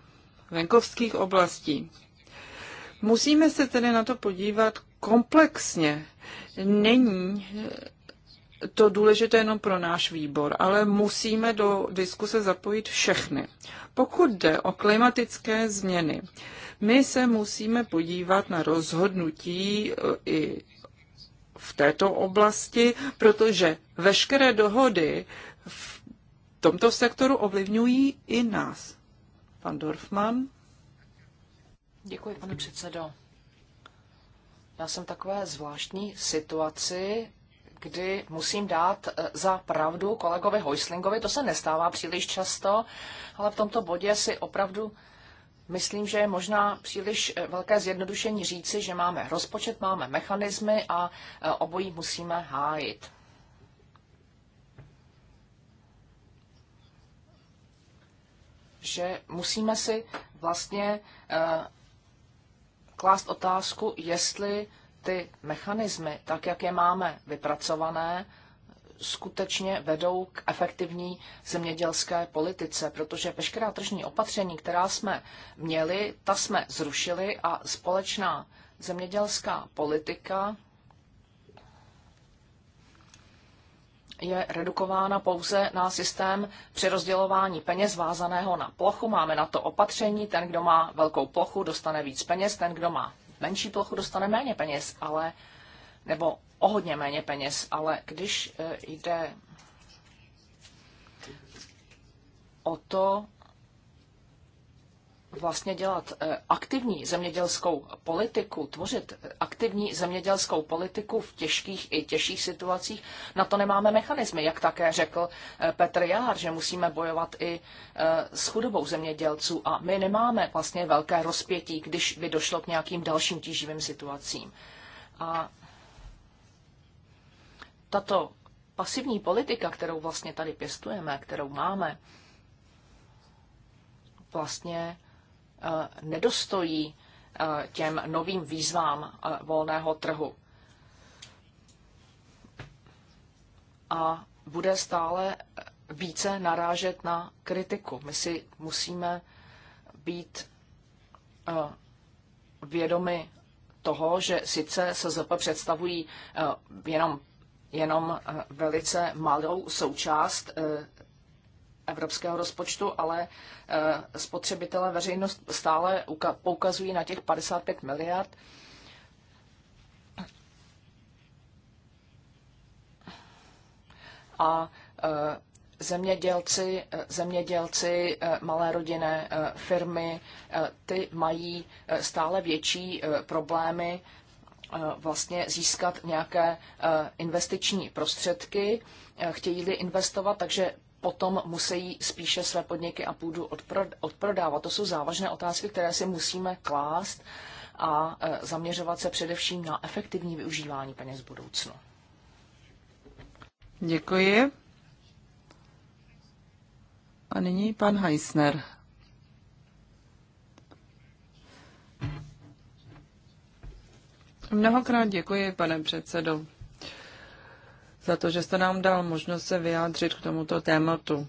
venkovských oblastí. Musíme se tedy na to podívat komplexně. Není eh, to důležité jenom pro náš výbor, ale musíme do diskuse zapojit všechny. Pokud jde o klimatické změny, my se musíme podívat na rozhodnutí eh, i v této oblasti, protože veškeré dohody v tomto sektoru ovlivňují i nás. Pan Dorfman. Děkuji, pane předsedo. Já jsem takové zvláštní situaci, kdy musím dát eh, za pravdu kolegovi Hojslingovi, to se nestává příliš často, ale v tomto bodě si opravdu myslím, že je možná příliš eh, velké zjednodušení říci, že máme rozpočet, máme mechanismy a eh, obojí musíme hájit. že musíme si vlastně eh, klást otázku, jestli ty mechanismy, tak jak je máme vypracované, skutečně vedou k efektivní zemědělské politice, protože veškerá tržní opatření, která jsme měli, ta jsme zrušili a společná zemědělská politika je redukována pouze na systém přerozdělování peněz vázaného na plochu. Máme na to opatření, ten, kdo má velkou plochu, dostane víc peněz, ten, kdo má menší plochu, dostane méně peněz, ale nebo o hodně méně peněz, ale když eh, jde o to, vlastně dělat eh, aktivní zemědělskou politiku, tvořit eh, aktivní zemědělskou politiku v těžkých i těžších situacích, na to nemáme mechanismy, jak také řekl eh, Petr Jár, že musíme bojovat i s chudobou zemědělců a my nemáme vlastně velké rozpětí, když by došlo k nějakým dalším tíživým situacím. A tato pasivní politika, kterou vlastně tady pěstujeme, kterou máme, vlastně Eh, nedostojí eh, těm novým výzvám eh, volného trhu. A bude stále více narážet na kritiku. My si musíme být vědomi toho, že sice SZP představují jenom, jenom velice malou součást evropského rozpočtu, ale eh, spotřebitelé veřejnost stále poukazují na těch 55 miliard. A eh, zemědělci, eh, zemědělci, malé rodinné firmy, ty mají stále větší problémy vlastně získat nějaké investiční prostředky, chtějí-li investovat, takže potom musí spíše své podniky a půdu odprodávat. To jsou závažné otázky, které si musíme klást a e, zaměřovat se především na efektivní využívání peněz v budoucnu. Děkuji. A nyní pan Heisner. Mnohokrát děkuji, pane předsedo za to, že jste nám dal možnost se vyjádřit k tomuto tématu.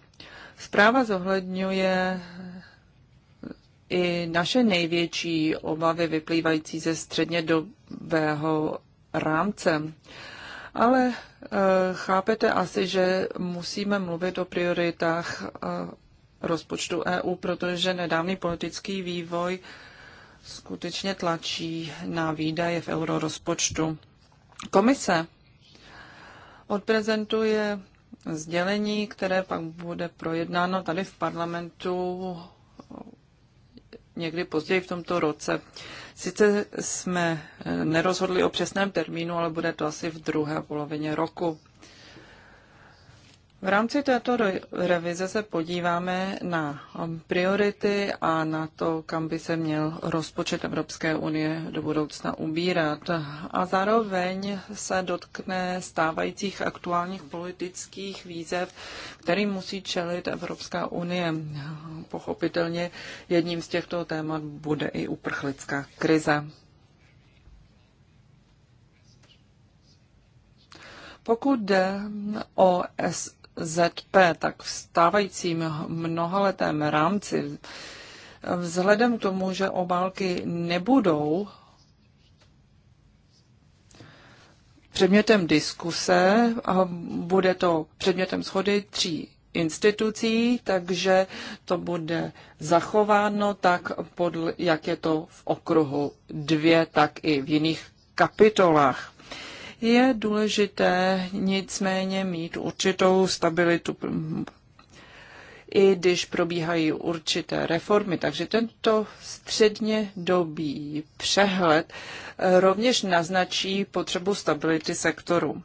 Zpráva zohledňuje i naše největší obavy vyplývající ze středně dobého rámce. Ale eh, chápete asi, že musíme mluvit o prioritách eh, rozpočtu EU, protože nedávný politický vývoj skutečně tlačí na výdaje v eurorozpočtu. Komise odprezentuje sdělení, které pak bude projednáno tady v parlamentu někdy později v tomto roce. Sice jsme nerozhodli o přesném termínu, ale bude to asi v druhé polovině roku. V rámci této revize se podíváme na um, priority a na to, kam by se měl rozpočet Evropské unie do budoucna ubírat. A zároveň se dotkne stávajících aktuálních politických výzev, kterým musí čelit Evropská unie. Pochopitelně jedním z těchto témat bude i uprchlická krize. Pokud jde o S ZP, tak v stávajícím mnohaletém rámci, vzhledem k tomu, že obálky nebudou předmětem diskuse, a bude to předmětem schody tří institucí, takže to bude zachováno tak, podle, jak je to v okruhu dvě, tak i v jiných kapitolách. Je důležité nicméně mít určitou stabilitu i když probíhají určité reformy. Takže tento středně dobý přehled eh, rovněž naznačí potřebu stability sektoru.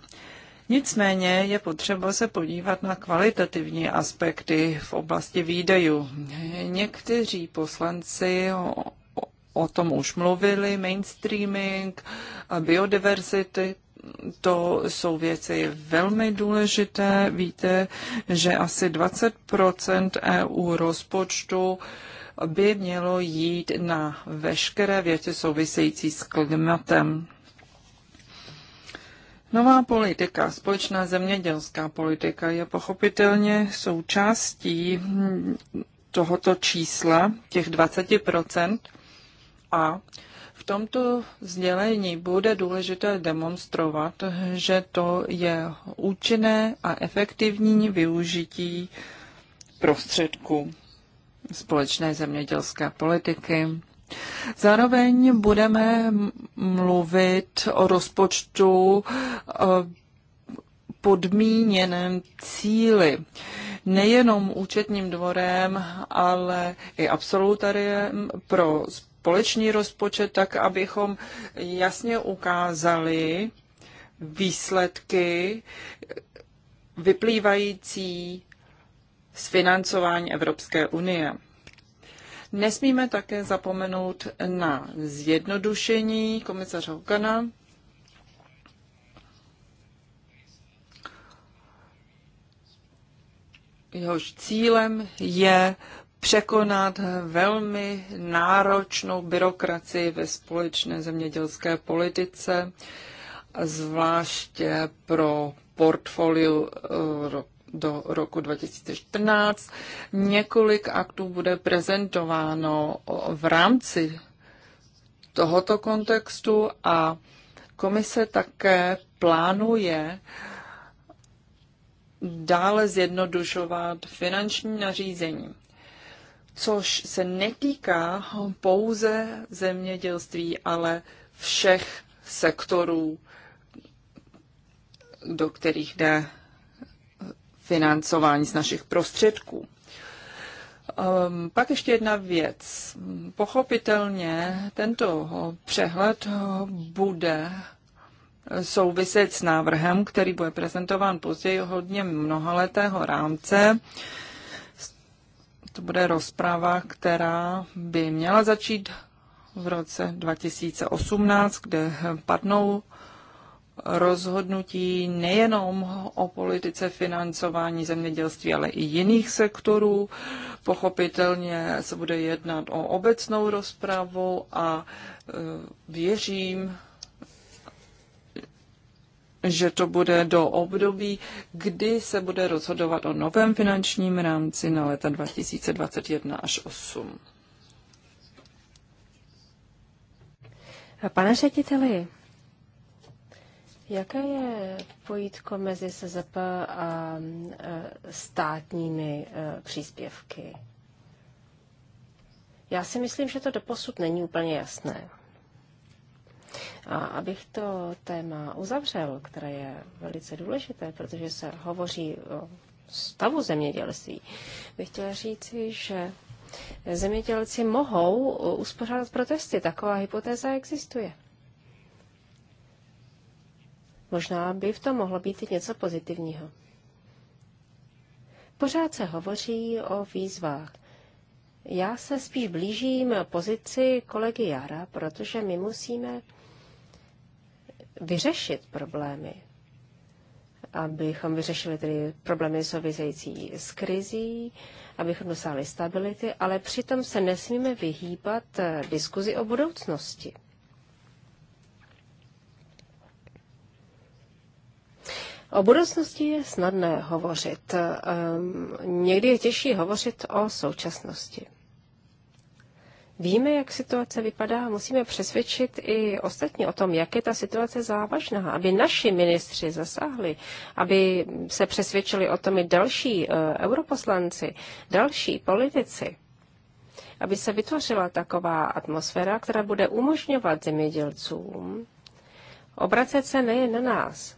Nicméně je potřeba se podívat na kvalitativní aspekty v oblasti výdajů. Někteří poslanci o tom už mluvili, mainstreaming, biodiverzity, to jsou věci velmi důležité. Víte, že asi 20 EU rozpočtu by mělo jít na veškeré věci související s klimatem. Nová politika, společná zemědělská politika, je pochopitelně součástí tohoto čísla, těch 20 a v tomto sdělení bude důležité demonstrovat, že to je účinné a efektivní využití prostředků společné zemědělské politiky. Zároveň budeme mluvit o rozpočtu eh, podmíněném cíli. Nejenom účetním dvorem, ale i absolutariem pro společnost společný rozpočet, tak abychom jasně ukázali výsledky vyplývající z financování Evropské unie. Nesmíme také zapomenout na zjednodušení komisaře Hogana. Jehož cílem je překonat velmi náročnou byrokracii ve společné zemědělské politice, zvláště pro portfolio eh, do roku 2014. Několik aktů bude prezentováno v rámci tohoto kontextu a komise také plánuje dále zjednodušovat finanční nařízení což se netýká pouze zemědělství, ale všech sektorů, do kterých jde financování z našich prostředků. Ehm, pak ještě jedna věc. Pochopitelně tento přehled bude souviset s návrhem, který bude prezentován později hodně mnohaletého rámce. To bude rozprava, která by měla začít v roce 2018, kde padnou rozhodnutí nejenom o politice financování zemědělství, ale i jiných sektorů. Pochopitelně se bude jednat o obecnou rozpravu a e, věřím, že to bude do období, kdy se bude rozhodovat o novém finančním rámci na leta 2021 až 8. Pane řediteli, jaké je pojítko mezi SZP a e, státními e, příspěvky? Já si myslím, že to doposud není úplně jasné. A abych to téma uzavřel, které je velice důležité, protože se hovoří o stavu zemědělství, bych chtěla říci, že zemědělci mohou uspořádat protesty. Taková hypotéza existuje. Možná by v tom mohlo být i něco pozitivního. Pořád se hovoří o výzvách. Já se spíš blížím pozici kolegy Jara, protože my musíme vyřešit problémy. Abychom vyřešili tedy problémy související s krizí, abychom dosáhli stability, ale přitom se nesmíme vyhýbat eh, diskuzi o budoucnosti. O budoucnosti je snadné hovořit. Um, někdy je těžší hovořit o současnosti. Víme, jak situace vypadá, musíme přesvědčit i ostatní o tom, jak je ta situace závažná, aby naši ministři zasáhli, aby se přesvědčili o tom i další eh, europoslanci, další politici, aby se vytvořila taková atmosféra, která bude umožňovat zemědělcům obracet se nejen na nás,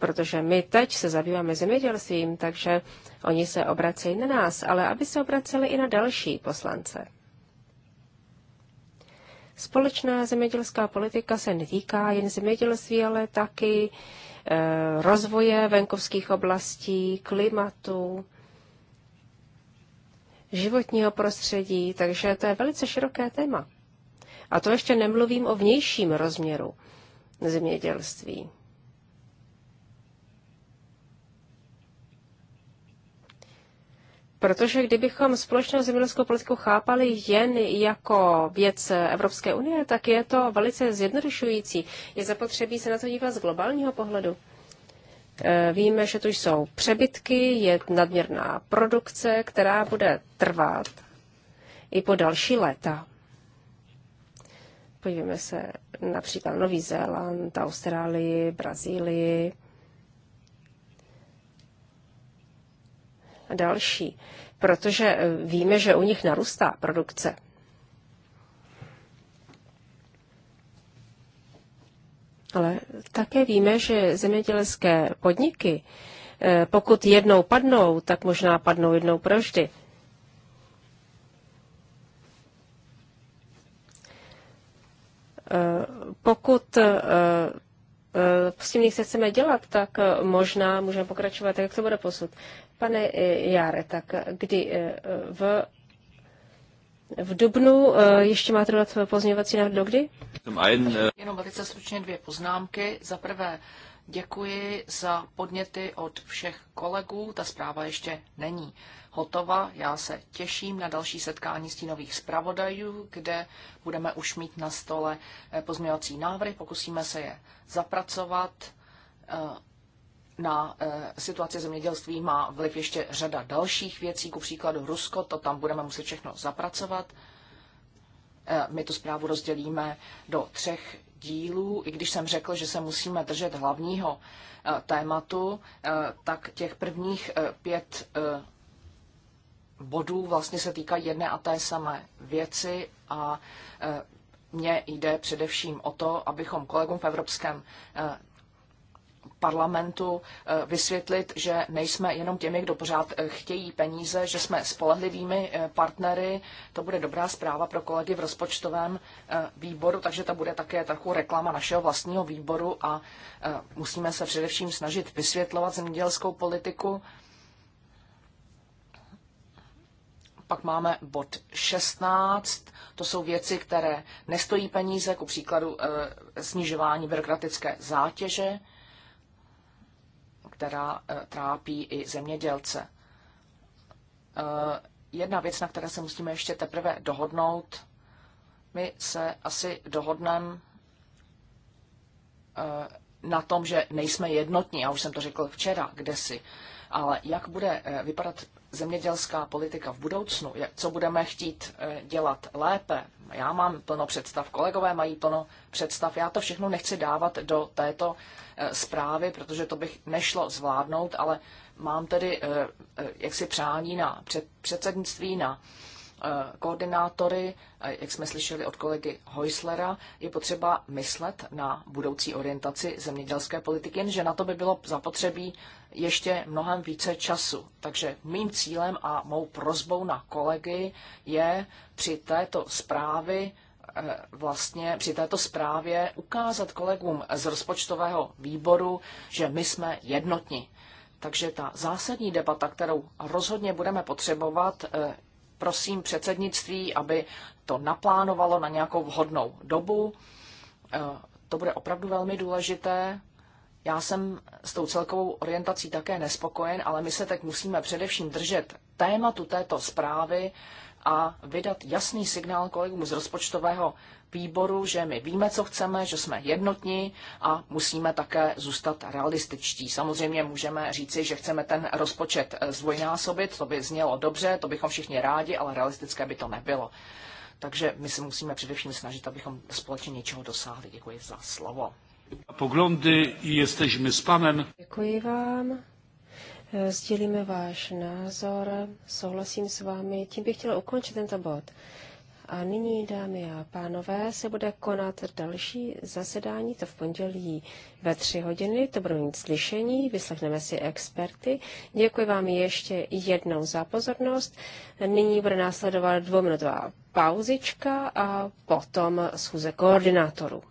protože my teď se zabýváme zemědělstvím, takže oni se obracejí na nás, ale aby se obraceli i na další poslance. Společná zemědělská politika se netýká jen zemědělství, ale taky e, rozvoje venkovských oblastí, klimatu, životního prostředí, takže to je velice široké téma. A to ještě nemluvím o vnějším rozměru zemědělství. Protože kdybychom společnou zemědělskou politiku chápali jen jako věc Evropské unie, tak je to velice zjednodušující. Je zapotřebí se na to dívat z globálního pohledu. Eh, víme, že tu jsou přebytky, je nadměrná produkce, která bude trvat i po další léta. Podívejme se například Nový Zéland, Austrálii, Brazílii, a další, protože eh, víme, že u nich narůstá produkce. Ale také víme, že zemědělské podniky, eh, pokud jednou padnou, tak možná padnou jednou proždy. Eh, pokud Eh, s tím nic chceme dělat, tak eh, možná můžeme pokračovat, tak jak to bude posud. Pane eh, Jare, tak kdy v, v Dubnu ještě máte dodat pozměňovací návrh do kdy? Jenom velice stručně dvě poznámky. Za prvé, děkuji za podněty od všech kolegů. Ta zpráva ještě není hotova. Já se těším na další setkání stínových zpravodajů, kde budeme už mít na stole eh, pozměňovací návrhy. Pokusíme se je zapracovat. Eh, na eh, situaci zemědělství má vliv ještě řada dalších věcí, ku příkladu Rusko, to tam budeme muset všechno zapracovat. My tu zprávu rozdělíme do třech dílů, i když jsem řekl, že se musíme držet hlavního tématu, tak těch prvních pět bodů vlastně se týká jedné a té samé věci a e, mně jde především o to, abychom kolegům v Evropském e, parlamentu e, vysvětlit, že nejsme jenom těmi, kdo pořád chtějí peníze, že jsme spolehlivými partnery. To bude dobrá zpráva pro kolegy v rozpočtovém výboru, takže to bude také trochu reklama našeho vlastního výboru a musíme se především snažit vysvětlovat zemědělskou politiku Pak máme bod 16. To jsou věci, které nestojí peníze, ku příkladu e, snižování byrokratické zátěže, která e, trápí i zemědělce. E, jedna věc, na které se musíme ještě teprve dohodnout, my se asi dohodneme na tom, že nejsme jednotní, já už jsem to řekl včera, kdesi, ale jak bude vypadat zemědělská politika v budoucnu, co budeme chtít eh, dělat lépe. Já mám plno představ, kolegové mají plno představ. Já to všechno nechci dávat do této eh, zprávy, protože to bych nešlo zvládnout, ale mám tedy eh, jaksi přání na předsednictví, na Eh, koordinátory, eh, jak jsme slyšeli od kolegy Heuslera, je potřeba myslet na budoucí orientaci zemědělské politiky, jenže na to by bylo zapotřebí ještě mnohem více času. Takže mým cílem a mou prozbou na kolegy je při této zprávy eh, vlastně při této zprávě ukázat kolegům z rozpočtového výboru, že my jsme jednotní. Takže ta zásadní debata, kterou rozhodně budeme potřebovat, prosím předsednictví, aby to naplánovalo na nějakou vhodnou dobu. E, to bude opravdu velmi důležité. Já jsem s tou celkovou orientací také nespokojen, ale my se teď musíme především držet tématu této zprávy a vydat jasný signál kolegům z rozpočtového výboru, že my víme, co chceme, že jsme jednotní a musíme také zůstat realističtí. Samozřejmě můžeme říci, že chceme ten rozpočet eh, zdvojnásobit, to by znělo dobře, to bychom všichni rádi, ale realistické by to nebylo. Takže my se musíme především snažit, abychom společně něčeho dosáhli. Děkuji za slovo. Poglądy jesteśmy z panem. Děkuji vám. Eh, Sdělíme váš názor, souhlasím s vámi. Tím bych chtěla ukončit tento bod. A nyní, dámy a pánové, se bude konat další zasedání, to v pondělí ve tři hodiny, to budou mít slyšení, vyslechneme si experty. Děkuji vám ještě jednou za pozornost. Nyní bude následovat dvouminutová pauzička a potom schůze koordinátorů.